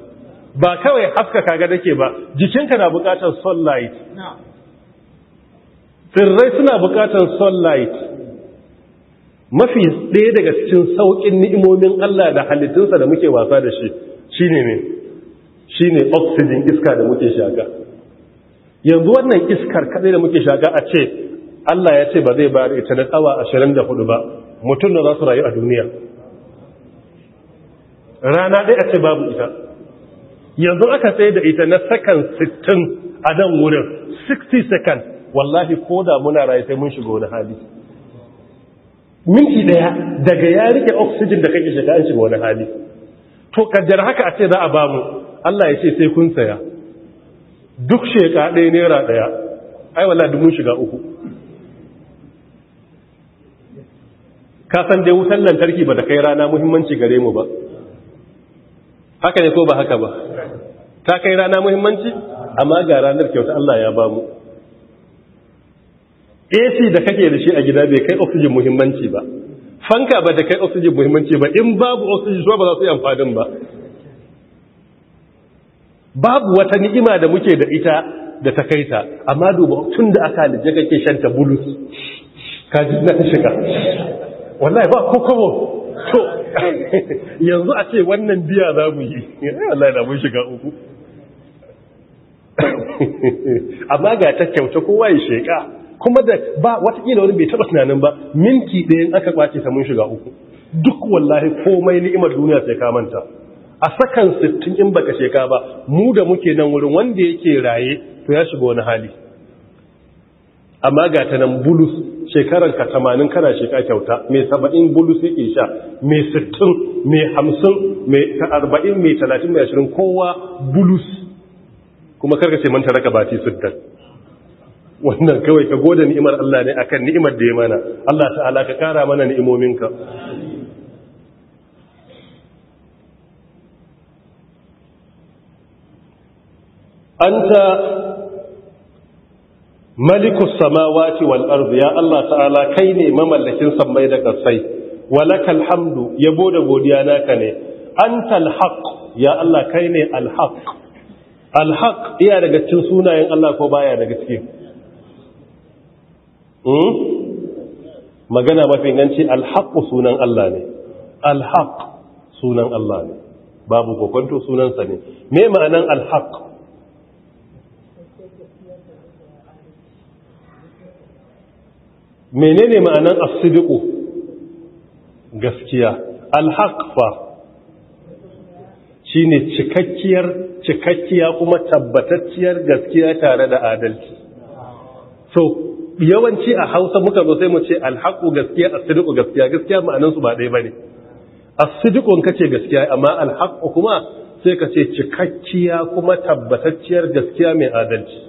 ba kawai haskaka ga dake ba jikinka na buƙatar sunlight tsirrai suna bukatar sunlight mafi ɗaya daga cikin sauƙin ni'imomin Allah da halittunsa da muke wasa da shi shi ne ne shi ne oxygen iska da muke shaka yanzu wannan iskar kaɗai da muke shaka a ce Allah ya ce ba zai bari ita na tsawa hudu ba mutum da za su rayu a duniya rana ɗaya a ce babu ita yanzu aka tsaye da ita na sakan 60 a dan wurin 60 seconds wallahi ko da muna raye sai mun shiga wani hali minti daya daga ya rike oxygen da kake shiga an shiga wani hali to kaddar haka a ce za a bamu Allah ya ce sai kun saya duk sheka ɗaya naira ɗaya ai duk mun shiga uku ka san dai wutan lantarki ba da kai rana muhimmanci gare mu ba haka ne ko ba haka ba ta kai rana muhimmanci amma ga ranar kyauta Allah ya bamu AC da kake da shi a gida bai kai oxygen muhimmanci ba fanka ba da kai oxygen muhimmanci ba in babu oxygen so ba za su yi amfanin ba babu wata ni'ima da muke da ita da ta kai ta amma duba tun da aka halitta kake shan ta bulus ka ji na ta shiga wallahi ba ko kawo to (laughs) yanzu a ce wannan biya za mu yi wallahi da mun shiga uku (laughs) amma ga ta kyauta kowa ya sheka kuma da ba watakila wani bai taɓa tunanin ba minti ɗayan aka ƙwace ta mun shiga uku duk wallahi komai ni'imar duniya sai ka manta a sakan sittin in baka sheka ba mu da muke nan wurin wanda yake raye to ya shiga wani hali amma ga ta nan bulus shekaran ka tamanin kana sheka kyauta mai saba'in bulus yake sha mai sittin mai hamsin mai arba'in mai talatin mai ashirin kowa bulus kuma karka ce manta raka ba ti sittin wannan kawai ka gode ni'imar Allah ne akan ni'imar da ya mana Allah ta'ala ka kara mana ni'imominka anta malikus samawati wal ardi ya Allah ta'ala kai ne mamallakin sammai da ƙasai walakal hamdu yabo da godiya naka ne antal haqq ya Allah kai ne al haqq al haqq iya daga cikin sunayen Allah ko baya daga cikin Hmm? magana mafi inganci alhaƙu sunan Allah ne alhaƙu sunan Allah ne babu kwakwanto sunansa ne me ma'anan Mene menene ma'anan asidiku gaskiya alhaƙ fa shi ne cikakkiyar cikakkiya kuma tabbatacciyar gaskiya tare da adalci so yawanci a hausa muka zo sai mu ce alhaku gaskiya asidiku gaskiya gaskiya su ba ɗaya ba ne asidikun kace ce gaskiya amma alhaku kuma sai kace ce cikakkiya kuma tabbatacciyar gaskiya mai adalci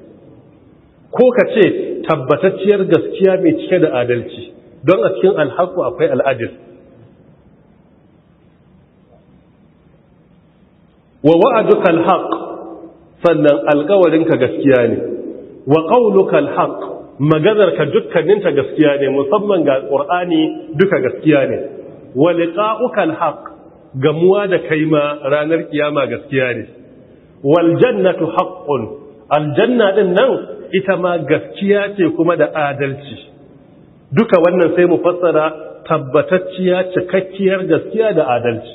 ko kace tabbatacciyar gaskiya mai cike da adalci don a cikin alhaku akwai al'adil wa wa'aduka alhaq sannan alƙawarinka gaskiya ne wa qauluka alhaq ka dukkaninta gaskiya ne musamman ga ƙur'ani duka gaskiya ne wa liqa'ukal haqq gamuwa da kaima ranar kiyama gaskiya ne wal jannatu haqqun aljanna din nan ita ma gaskiya ce kuma da adalci duka wannan sai mu fassara tabbatacciya cikakkiyar gaskiya da adalci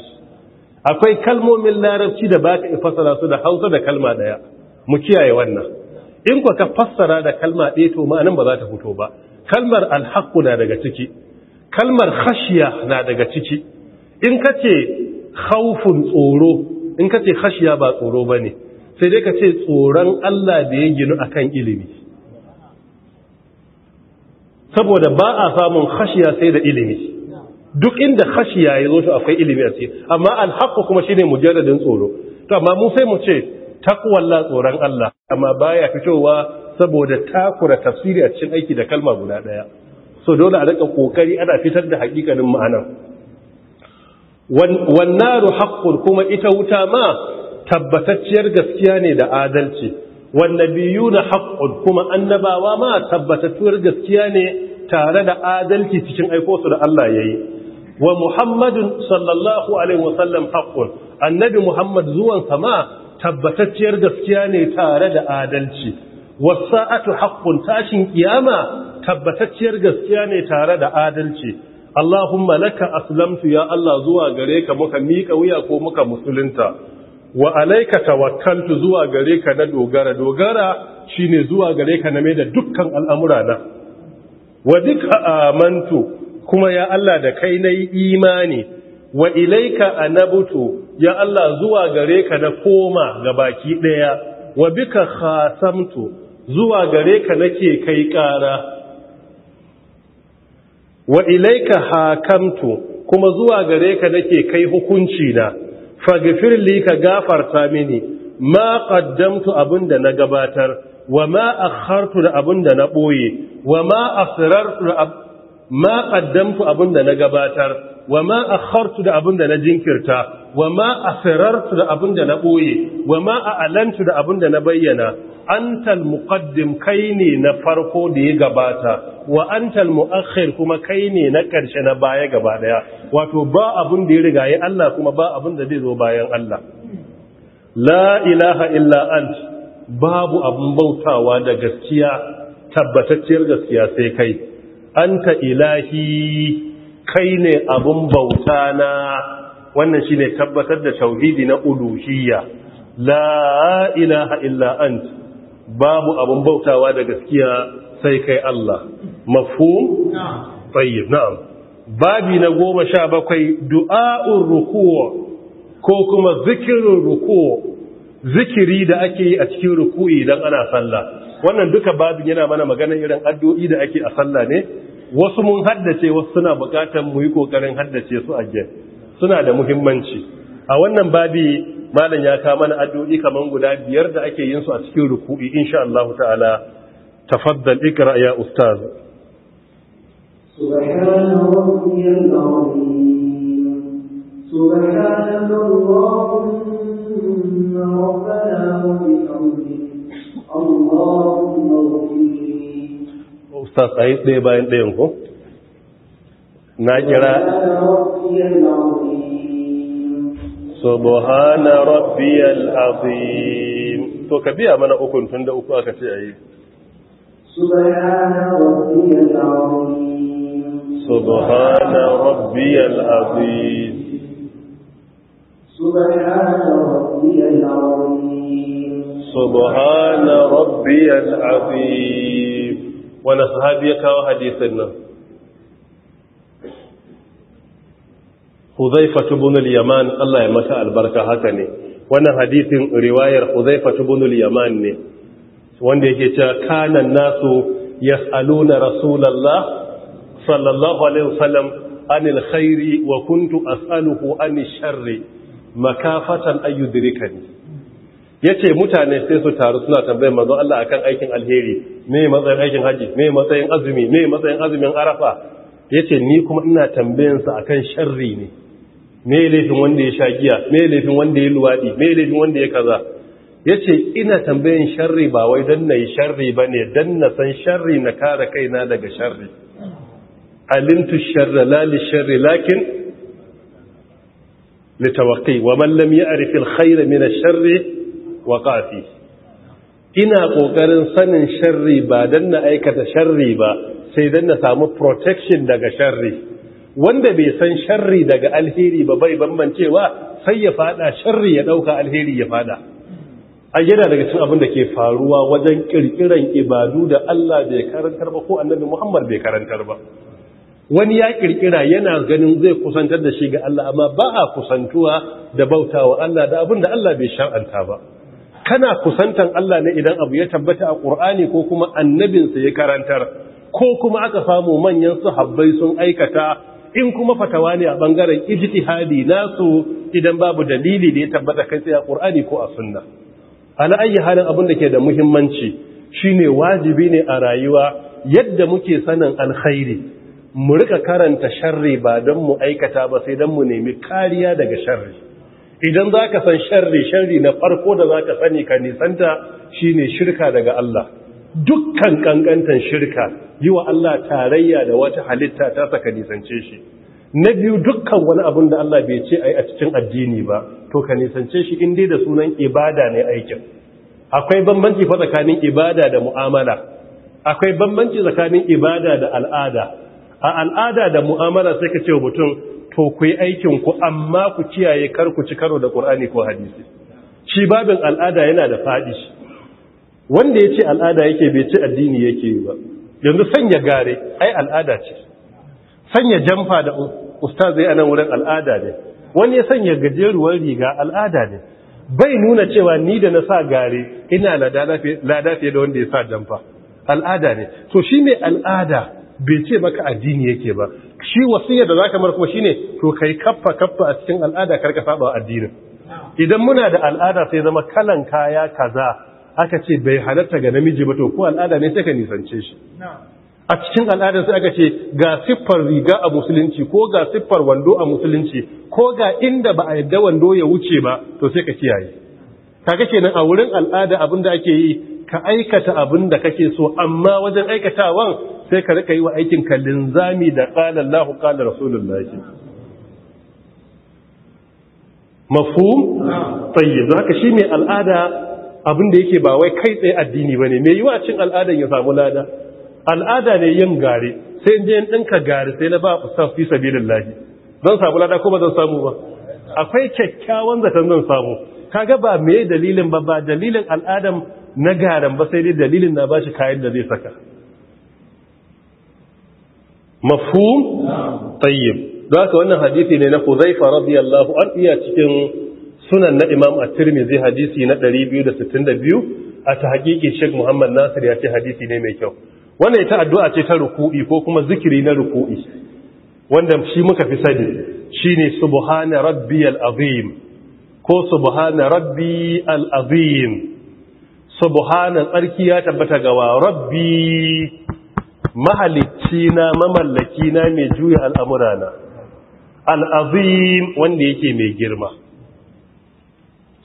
akwai kalmomin larabci da ba ka fassara su da Hausa da kalma ɗaya, mu kiyaye wannan in ku ka fassara da kalma ɗaya to ma'anin ba za ta fito ba kalmar alhaqqu na daga ciki kalmar khashiya na daga ciki in ka ce khawfun tsoro in ka ce khashiya ba tsoro ba ne, sai dai ka ce tsoron Allah da ya ginu akan ilimi saboda ba a samun khashiya sai da ilimi duk inda khashiya ya zo shi akwai ilimi a ciki amma alhaqqu kuma shine mujarradin tsoro to amma mu sai mu ce takwalla tsoron Allah amma baya fitowa saboda takura tafsiri a cikin aiki da kalma guda daya so dole a rika kokari ana fitar da hakikanin ma'anar wannaru naru haqqun kuma ita wuta ma tabbatacciyar gaskiya ne da adalci wan nabiyuna haqqun kuma annabawa ma tabbatacciyar gaskiya ne tare da adalci cikin aiko su da Allah yayi wa Muhammadun sallallahu Alaihi sallam haƙƙun, annabi Muhammad zuwan sama tabbatacciyar gaskiya ne tare da adalci wasa'atu haqqun tashin kiyama tabbatacciyar gaskiya ne tare da adalci Allahumma laka aslamtu ya Allah zuwa gare ka muka miƙa wuya ko muka musulunta wa alayka tawakkaltu zuwa gare ka na dogara dogara shine zuwa gare ka na mai da dukkan al'amura na wa duka amantu kuma ya Allah da kai nayi imani wa ilaika butu ya Allah zuwa gare ka na koma gabaki daya wa bika khasamtu zuwa gare ka nake kai ƙara wa ilaika hakamtu kuma zuwa gare ka nake kai hukunci na faghfir ka gafarta mini ma qaddamtu abunda na gabatar wa ma akhartu da abunda na boye wa ma asrartu ma qaddamtu abinda na gabatar wa ma akhartu da abinda na jinkirta wa ma asrartu da abinda na boye wa ma a'lantu da abinda na bayyana antal muqaddim kai ne na farko da ya gabata wa antal muakhir kuma kai ne na ƙarshe na baya gaba daya wato ba abin da ya riga ya Allah kuma ba abin da zai zo bayan Allah la ilaha illa ant babu abin bautawa da gaskiya tabbatacciyar gaskiya sai kai anta ilahi kai ne abun bauta na wannan shi ne tabbatar da tauhidi na uluhiyya la ilaha illa ant babu abun bautawa da gaskiya sai kai Allah Mafu, tayyib na'am babi na 17 du'a'ur ruku' ko kuma zikirin ruku' zikiri da ake yi a cikin ruku'i idan ana sallah wannan duka babin yana mana magana irin addu'i da ake a sallah ne wasu mun haddace wasu suna bukatar mu yi kokarin haddace su a gen suna da muhimmanci a wannan babi malam ya ka mana addu'i kaman guda biyar da ake yin su a cikin ruku'i insha Allah ta'ala tafaddal ikra ya ustaz subhanallahi rabbana wa bihamdihi sassaye ɗaya bayan ɗayan ko na kira subhana rabbiyal azim to ka biya mana ukun tun da uku aka ce ayi subhana subhana azim subhana rabbiyal azim subhana rabbiyal azim wani sahabi ya kawo hadisin nan Huzaifa ibn yaman Allah ya mata albarka haka ne wannan hadisin riwayar Huzaifa ibn yaman ne wanda yake cewa kana nasu yas'aluna rasulallah sallallahu alaihi wasallam anil khairi wa kuntu as'aluhu anish sharri makafatan ayyudrikani yace mutane sai su taru suna tambayar manzo Allah akan aikin alheri me matsayin aikin haji me matsayin azumi me matsayin azumin arafa yace ni kuma ina tambayansa akan sharri ne me laifin wanda ya sha giya me laifin wanda ya luwadi me laifin wanda ya kaza yace ina tambayan sharri ba wai dan nayi sharri bane dan na san sharri na kare kaina daga sharri alimtu sharra la li sharri lakin litawaqqi wa man lam ya'rif al khayra min ash-sharri waqa'a fihi ina ƙoƙarin sanin sharri ba dan na aikata sharri ba sai dan na samu protection daga sharri wanda bai san sharri daga alheri ba bai bambancewa sai ya fada sharri ya ɗauka alheri ya fada a yana daga cin abin da ke faruwa wajen ƙirƙiran ibadu da Allah bai karantar ba ko annabi Muhammad bai karantar ba wani ya ƙirƙira yana ganin zai kusantar da shi ga Allah amma ba a kusantuwa da bautawa Allah da abin da Allah bai shar'anta ba kana kusantan Allah ne idan abu ya tabbata a Qur'ani ko kuma annabinsa ya karantar ko kuma aka samu manyan su Habbai sun aikata in kuma fatawa ne a bangaren ijtihadi nasu idan babu dalili da ya tabbata kai tsaye a Qur'ani ko a sunna ala ayi halin abin da ke da muhimmanci shine wajibi ne a rayuwa yadda muke sanin alkhairi mu rika karanta sharri ba don mu aikata ba sai don mu nemi kariya daga sharri idan za ka san sharri sharri na farko da za ka sani ka nisanta shi ne shirka daga Allah dukkan kankantan shirka yi wa Allah tarayya da wata halitta ta saka nisance shi na biyu dukkan wani abin da Allah bai ce ai a cikin addini ba to ka nisance shi in dai da sunan ibada ne aikin akwai bambanci fa tsakanin ibada da mu'amala akwai bambanci tsakanin ibada da al'ada a al'ada da mu'amala sai ka ce wa mutum to ku yi aikin ku amma ku kiyaye kar ku ci karo da Qur'ani ko hadisi shi babin al'ada yana da fadi wanda yace al'ada yake bai ci addini yake ba yanzu sanya gare ai al'ada ce sanya jamfa da ustazai anan wurin al'ada ne wani ya sanya gajeruwar riga al'ada ne bai nuna cewa ni da na sa gare ina lada fiye da wanda ya sa jamfa al'ada ne to shi mai al'ada bai ce maka addini yake ba shi wasiyar da zaka mar kuma shine to kai kaffa kaffa a cikin al'ada karka saba addinin idan muna da al'ada sai zama kalan kaya kaza aka ce bai halatta ga namiji ba to ko al'ada ne sai ka nisance shi a cikin al'adar sai aka ce ga siffar riga a musulunci ko ga siffar wando a musulunci ko ga inda ba a yadda wando ya wuce ba to sai ka kiyaye kaga kenan a wurin al'ada abinda ake yi ka aikata abin da kake so amma wajen aikatawan sai ka rika yi wa aikin ka linzami da qala Allahu qala Rasulullahi mafhum tayyib haka shine al'ada abin da yake ba wai kai tsaye addini bane me yiwa cin al'adan ya samu lada al'ada ne yin gare sai in je in dinka gare sai na ba ustaz fi sabilillahi zan samu lada ko ba zan samu ba akwai kyakkyawan zaton zan samu kaga ba me dalilin ba ba dalilin al'adam na garan ba sai dai dalilin na bashi kayan da zai saka mafhum tayyib don haka wannan hadisi ne na Huzaifa radiyallahu an iya cikin sunan na Imam At-Tirmidhi hadisi na 262 a ta haƙiƙi Sheikh Muhammad Nasir ya ce hadisi ne mai kyau wannan ita addu'a ce ta ruku'i ko kuma zikiri na ruku'i wanda shi muka fi sani shine subhana rabbiyal azim ko subhana rabbi al azim subhana tsarki ya tabbata gawa rabbi mahalicci na mamallaki na mai juya al'amurana al'azim wanda yake mai girma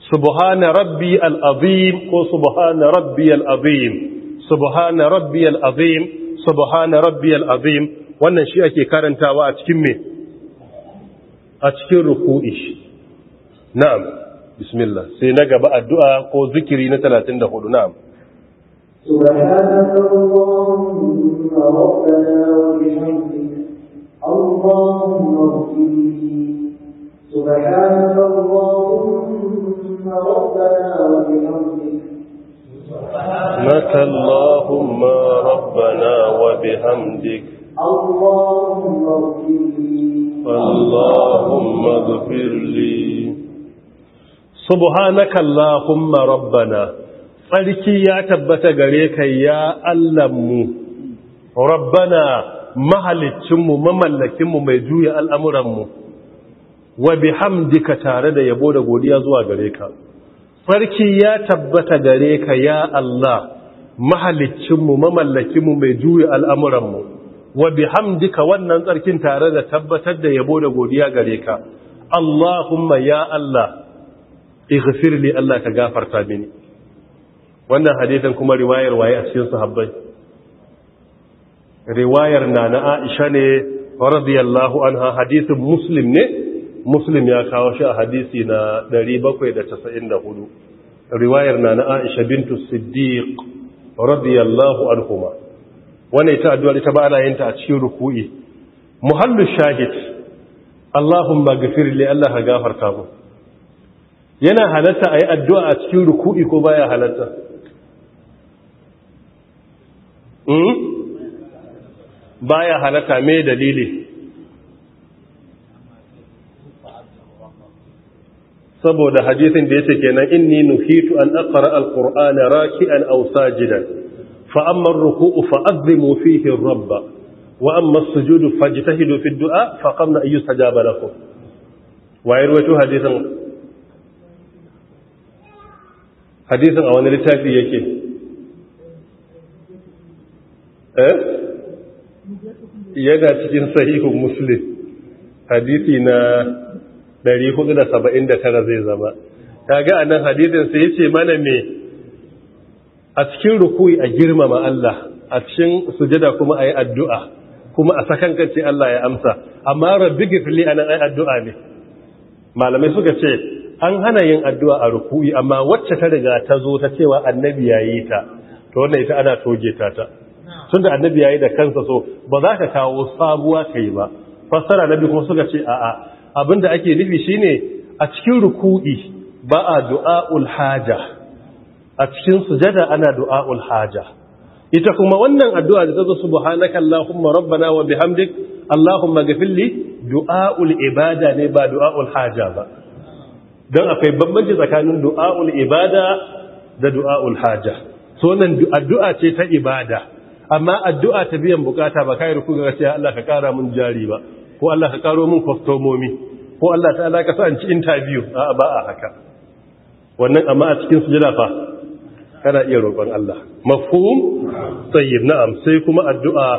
subhana rabbi al'azim ko subhana rabbi al'azim subhana rabbi al'azim subhana rabbi al'azim wannan shi ake karantawa a cikin me a cikin ruku'i na'am bismillah sai na gaba addu'a ko zikiri na 34 نعم سبحانك اللهم ربنا وبحمدك اللهم اغفر سبحانك اللهم ربنا وبحمدك سبحانك اللهم ربنا وبحمدك اللهم اغفر لي اللهم اغفر لي subhanaka allahumma rabbana tsarki ya tabbata gare ka ya allahnmu rabbana mahalicinmu mamallakinmu mai juya al'amuranmu wa bihamdika tare da yabo da godiya zuwa gare ka tsarki ya tabbata gare ka ya allah mahalicinmu mamallakinmu mai juya al'amuranmu wa bihamdika wannan tsarkin tare da tabbatar da yabo da godiya gare ka Allahumma ya Allah ighfir li Allah ka gafarta mini wannan hadisin kuma riwayar waye a cikin sahabbai riwayar na na Aisha ne radiyallahu anha hadisin Muslim ne Muslim ya kawo shi a hadisi na 794 riwayar na na Aisha bintu Siddiq radiyallahu anhuma wannan ita addu'a ita ba ana yin ta a cikin ruku'i muhallu shahid Allahumma ghfir li Allah ka gafarta mu yana halatta a yi addu'a a cikin ruku'i ko baya halatta hmm? baya halatta mai dalili saboda hadisin da ya ce kenan inni nuhitu an aqra alqur'ana raki'an aw sajidan fa amma ar-ruku'u fa'azzimu fihi ar rabba. wa amma as-sujudu fajtahidu fi ad-du'a fa qamna ayyustajaba lakum wa yarwatu hadisin hadisin a wani littafi yake eh yana cikin sahihun muslim hadisi na 479 zai zama ga anan hadisin sai yace mana me a cikin rukuyi a girmama Allah a cikin sujada kuma ayi addu'a kuma a sakan Allah ya amsa amma rabbi anan ayi addu'a ne malamai suka ce an hana yin addu'a a ruku'i amma wacce ta riga ta zo ta cewa annabi ya yi ta to wannan ita ana toge ta ta tunda annabi ya yi da kansa so ba za ka kawo sabuwa ka yi ba fassara nabi kuma suka ce a'a abinda ake nufi shine a cikin ruku'i ba a du'aul haja a cikin sujada ana du'aul haja ita kuma wannan addu'a da ta zo subhanaka allahumma rabbana wa bihamdik allahumma ghfirli du'aul ibada ne ba du'aul haja ba don akwai bambanci tsakanin du'a'ul ibada da du'a'ul haja so nan addu'a ce ta ibada amma addu'a ta biyan bukata ba kai ruku ga cewa Allah ka kara mun jari ba ko Allah ka karo mun kostomomi ko Allah ta alaka sa an ci interview a'a ba a haka wannan amma a cikin sujada fa kana iya roƙon Allah mafhum tayyib na'am sai kuma addu'a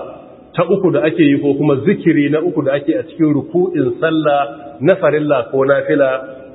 ta uku da ake yi ko kuma zikiri na uku da ake a cikin ruku'in sallah na farilla ko nafila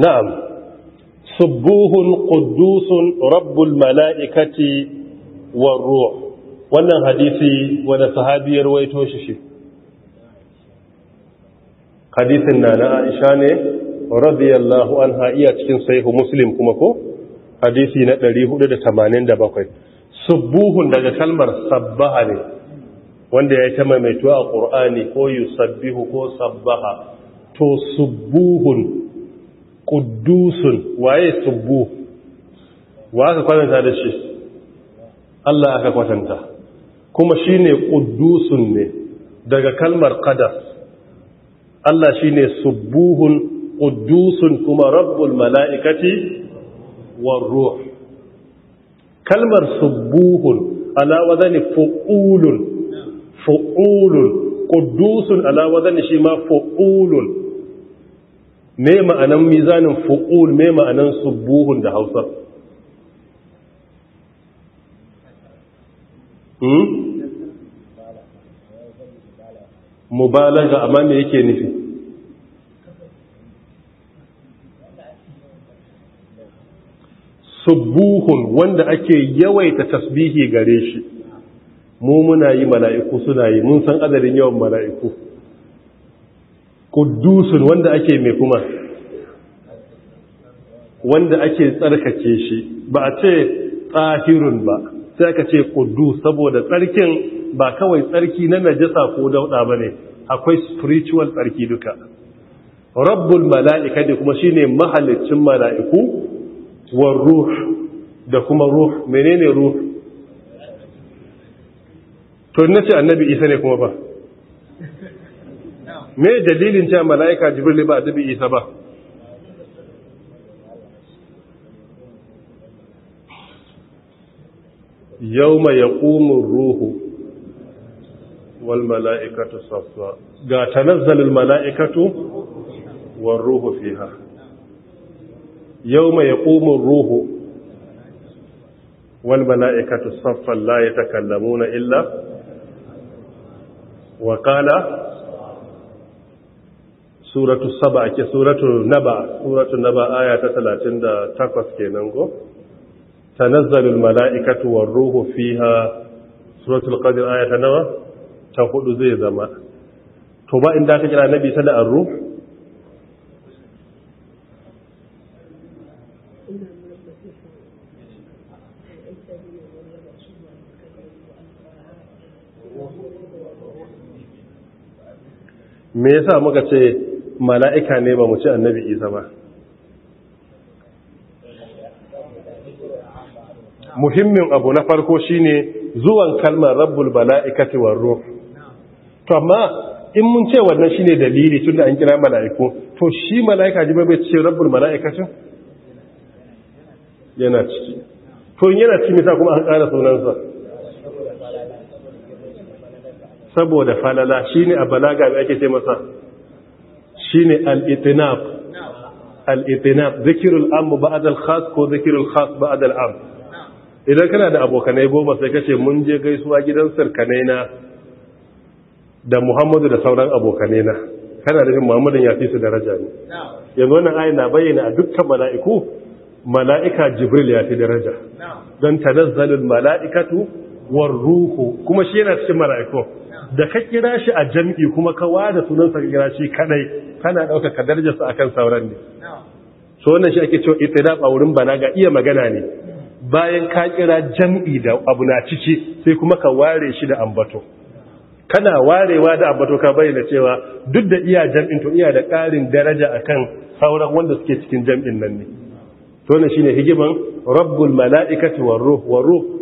na'am subuhun quddusun rabbul mala'ikati war wannan hadisi wanda sahabiyar waito shi shi hadisin na na Aisha ne radiyallahu anha iya cikin sahihu muslim kuma ko hadisi na 487 subuhun daga kalmar sabbaha ne wanda ya ta maimaituwa a ƙur'ani ko yusabbihu ko sabbaha to subuhun ƙuddusun waye subbu wa aka kwatanta da shi Allah aka kwatanta kuma shi ne ƙuddusun ne daga kalmar ƙadas Allah shi ne subbuhun ƙuddusun kuma rabbul mala'ikati kalmar subbuhun ala fu'ulun fu'ulun ƙuddusun ala shi ma fu'ulun me ma'anan mizanin fuqul me ma'anan subuhun da Hausa hmm mubalaga amma me yake nufi subuhun wanda ake yawaita tasbihi gare shi mu muna yi mala'iku suna yi mun san adadin yawan mala'iku Kudusun wanda ake mai kuma wanda ake tsarkake shi ba a ce tsahirun ba sai aka ce kudus saboda tsarkin ba kawai tsarki na najasa ko dauɗa ba ne akwai spiritual tsarki duka rabbul mala'ika ne kuma shi ne mahallicin mala'iku wa ruh da kuma ruh menene ruh to na ce annabi isa ne kuma ba me dalilin cewa mala'ika jibril ba annabi isa ba yawma yaqumu ruhu wal mala'ikatu saffa ga tanazzalul mala'ikatu war ruhu fiha yawma yaqumu ruhu wal mala'ikatu saffa la yatakallamuna illa wa qala suratu saba ake suratu naba suratu naba aya ta ke nan go nazarin mala'ikatu wa ruhu ha suratu alƙadir aya ta nawa ta hudu zai zama to ba inda ka kira nabi sada an ruhu me yasa muka ce mala'ika ne ba mu ci annabi isa ba muhimmin abu na farko shine zuwan kalmar rabbul mala’ika war ruh to amma in mun ce wannan shine dalili tunda an kira mala'iku to shi mala'ika ji bai ce rabbul mala'ikati yana ciki to in yana ciki misa kuma an ƙara sunansa saboda falala shine a balaga mai ake ce masa Shi ne itinab al zikirul am ba'd khas ko zikirul khas ba'd al-am idan kana da abokanai goma sai kace mun je gaisuwa gidan sarkanai na da Muhammadu da sauran abokanai na kana da Muhammadin ya fi su daraja ne yanzu wannan ayi na bayyana a dukkan mala'iku mala'ika Jibril ya fi daraja don tanazzalul mala'ikatu war kuma shi yana cikin mala'iku da ka kira shi a jam'i kuma ka wada sunan sa kira shi kadai kana ɗauka ka su akan sauran ne so wannan shi ake cewa itiraf a wurin bana ga iya magana ne bayan ka kira jam'i da abu na ciki sai kuma ka ware shi da ambato kana warewa da ambato ka bayyana cewa duk da iya jam'in to iya da ƙarin daraja akan sauran wanda suke cikin jam'in nan ne to ne shine rabbul mala'ikati war ruh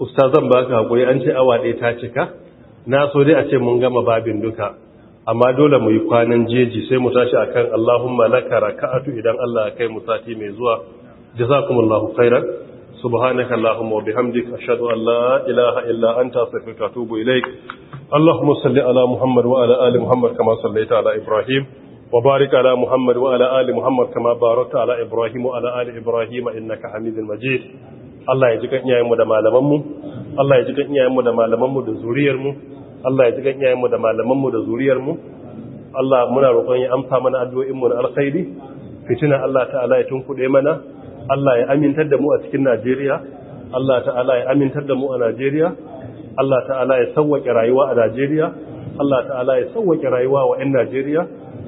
ustazan ba ka haƙuri an ce awa ɗaya ta cika na so dai a ce mun gama babin duka amma dole mu yi kwanan jeji sai mu tashi a akan Allahumma laka raka'atu idan Allah ya kai mu sati mai zuwa jazakumullahu khairan subhanaka allahumma wa bihamdika ashhadu an la ilaha illa anta astaghfiruka wa atubu ilaik allahumma salli ala muhammad wa ala ali muhammad kama sallaita ala ibrahim wa barik ala muhammad wa ala ali muhammad kama barakta ala ibrahim wa ala ali ibrahim innaka hamidul majid Allah ya ji kan iyayenmu da malamanmu Allah ya ji kan iyayenmu da malamanmu da zuriyarmu Allah ya ji kan iyayenmu da malamanmu da zuriyarmu Allah muna roƙon ya amsa mana mu na alkhairi fitina Allah ta'ala ya tunkuɗe mana Allah ya amintar da mu a cikin Najeriya Allah ta'ala ya amintar da mu a Najeriya Allah ta'ala ya sauwaƙe rayuwa a Najeriya Allah ta'ala ya sauwaƙe rayuwa wa 'yan Najeriya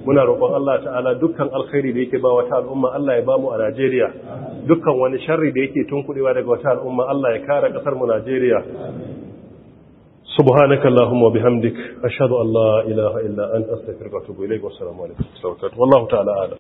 muna roƙon Allah ta'ala dukkan alkhairi da yake ba wata al'umma Allah ya bamu a Najeriya dukkan wani sharri da yake tunkuɗewa daga wata al'umma Allah ya kare ƙasar mu Najeriya subhanaka allahumma bihamdik ashhadu an la ilaha illa anta astaghfiruka wa atubu ilayk wa assalamu alaikum wallahu ta'ala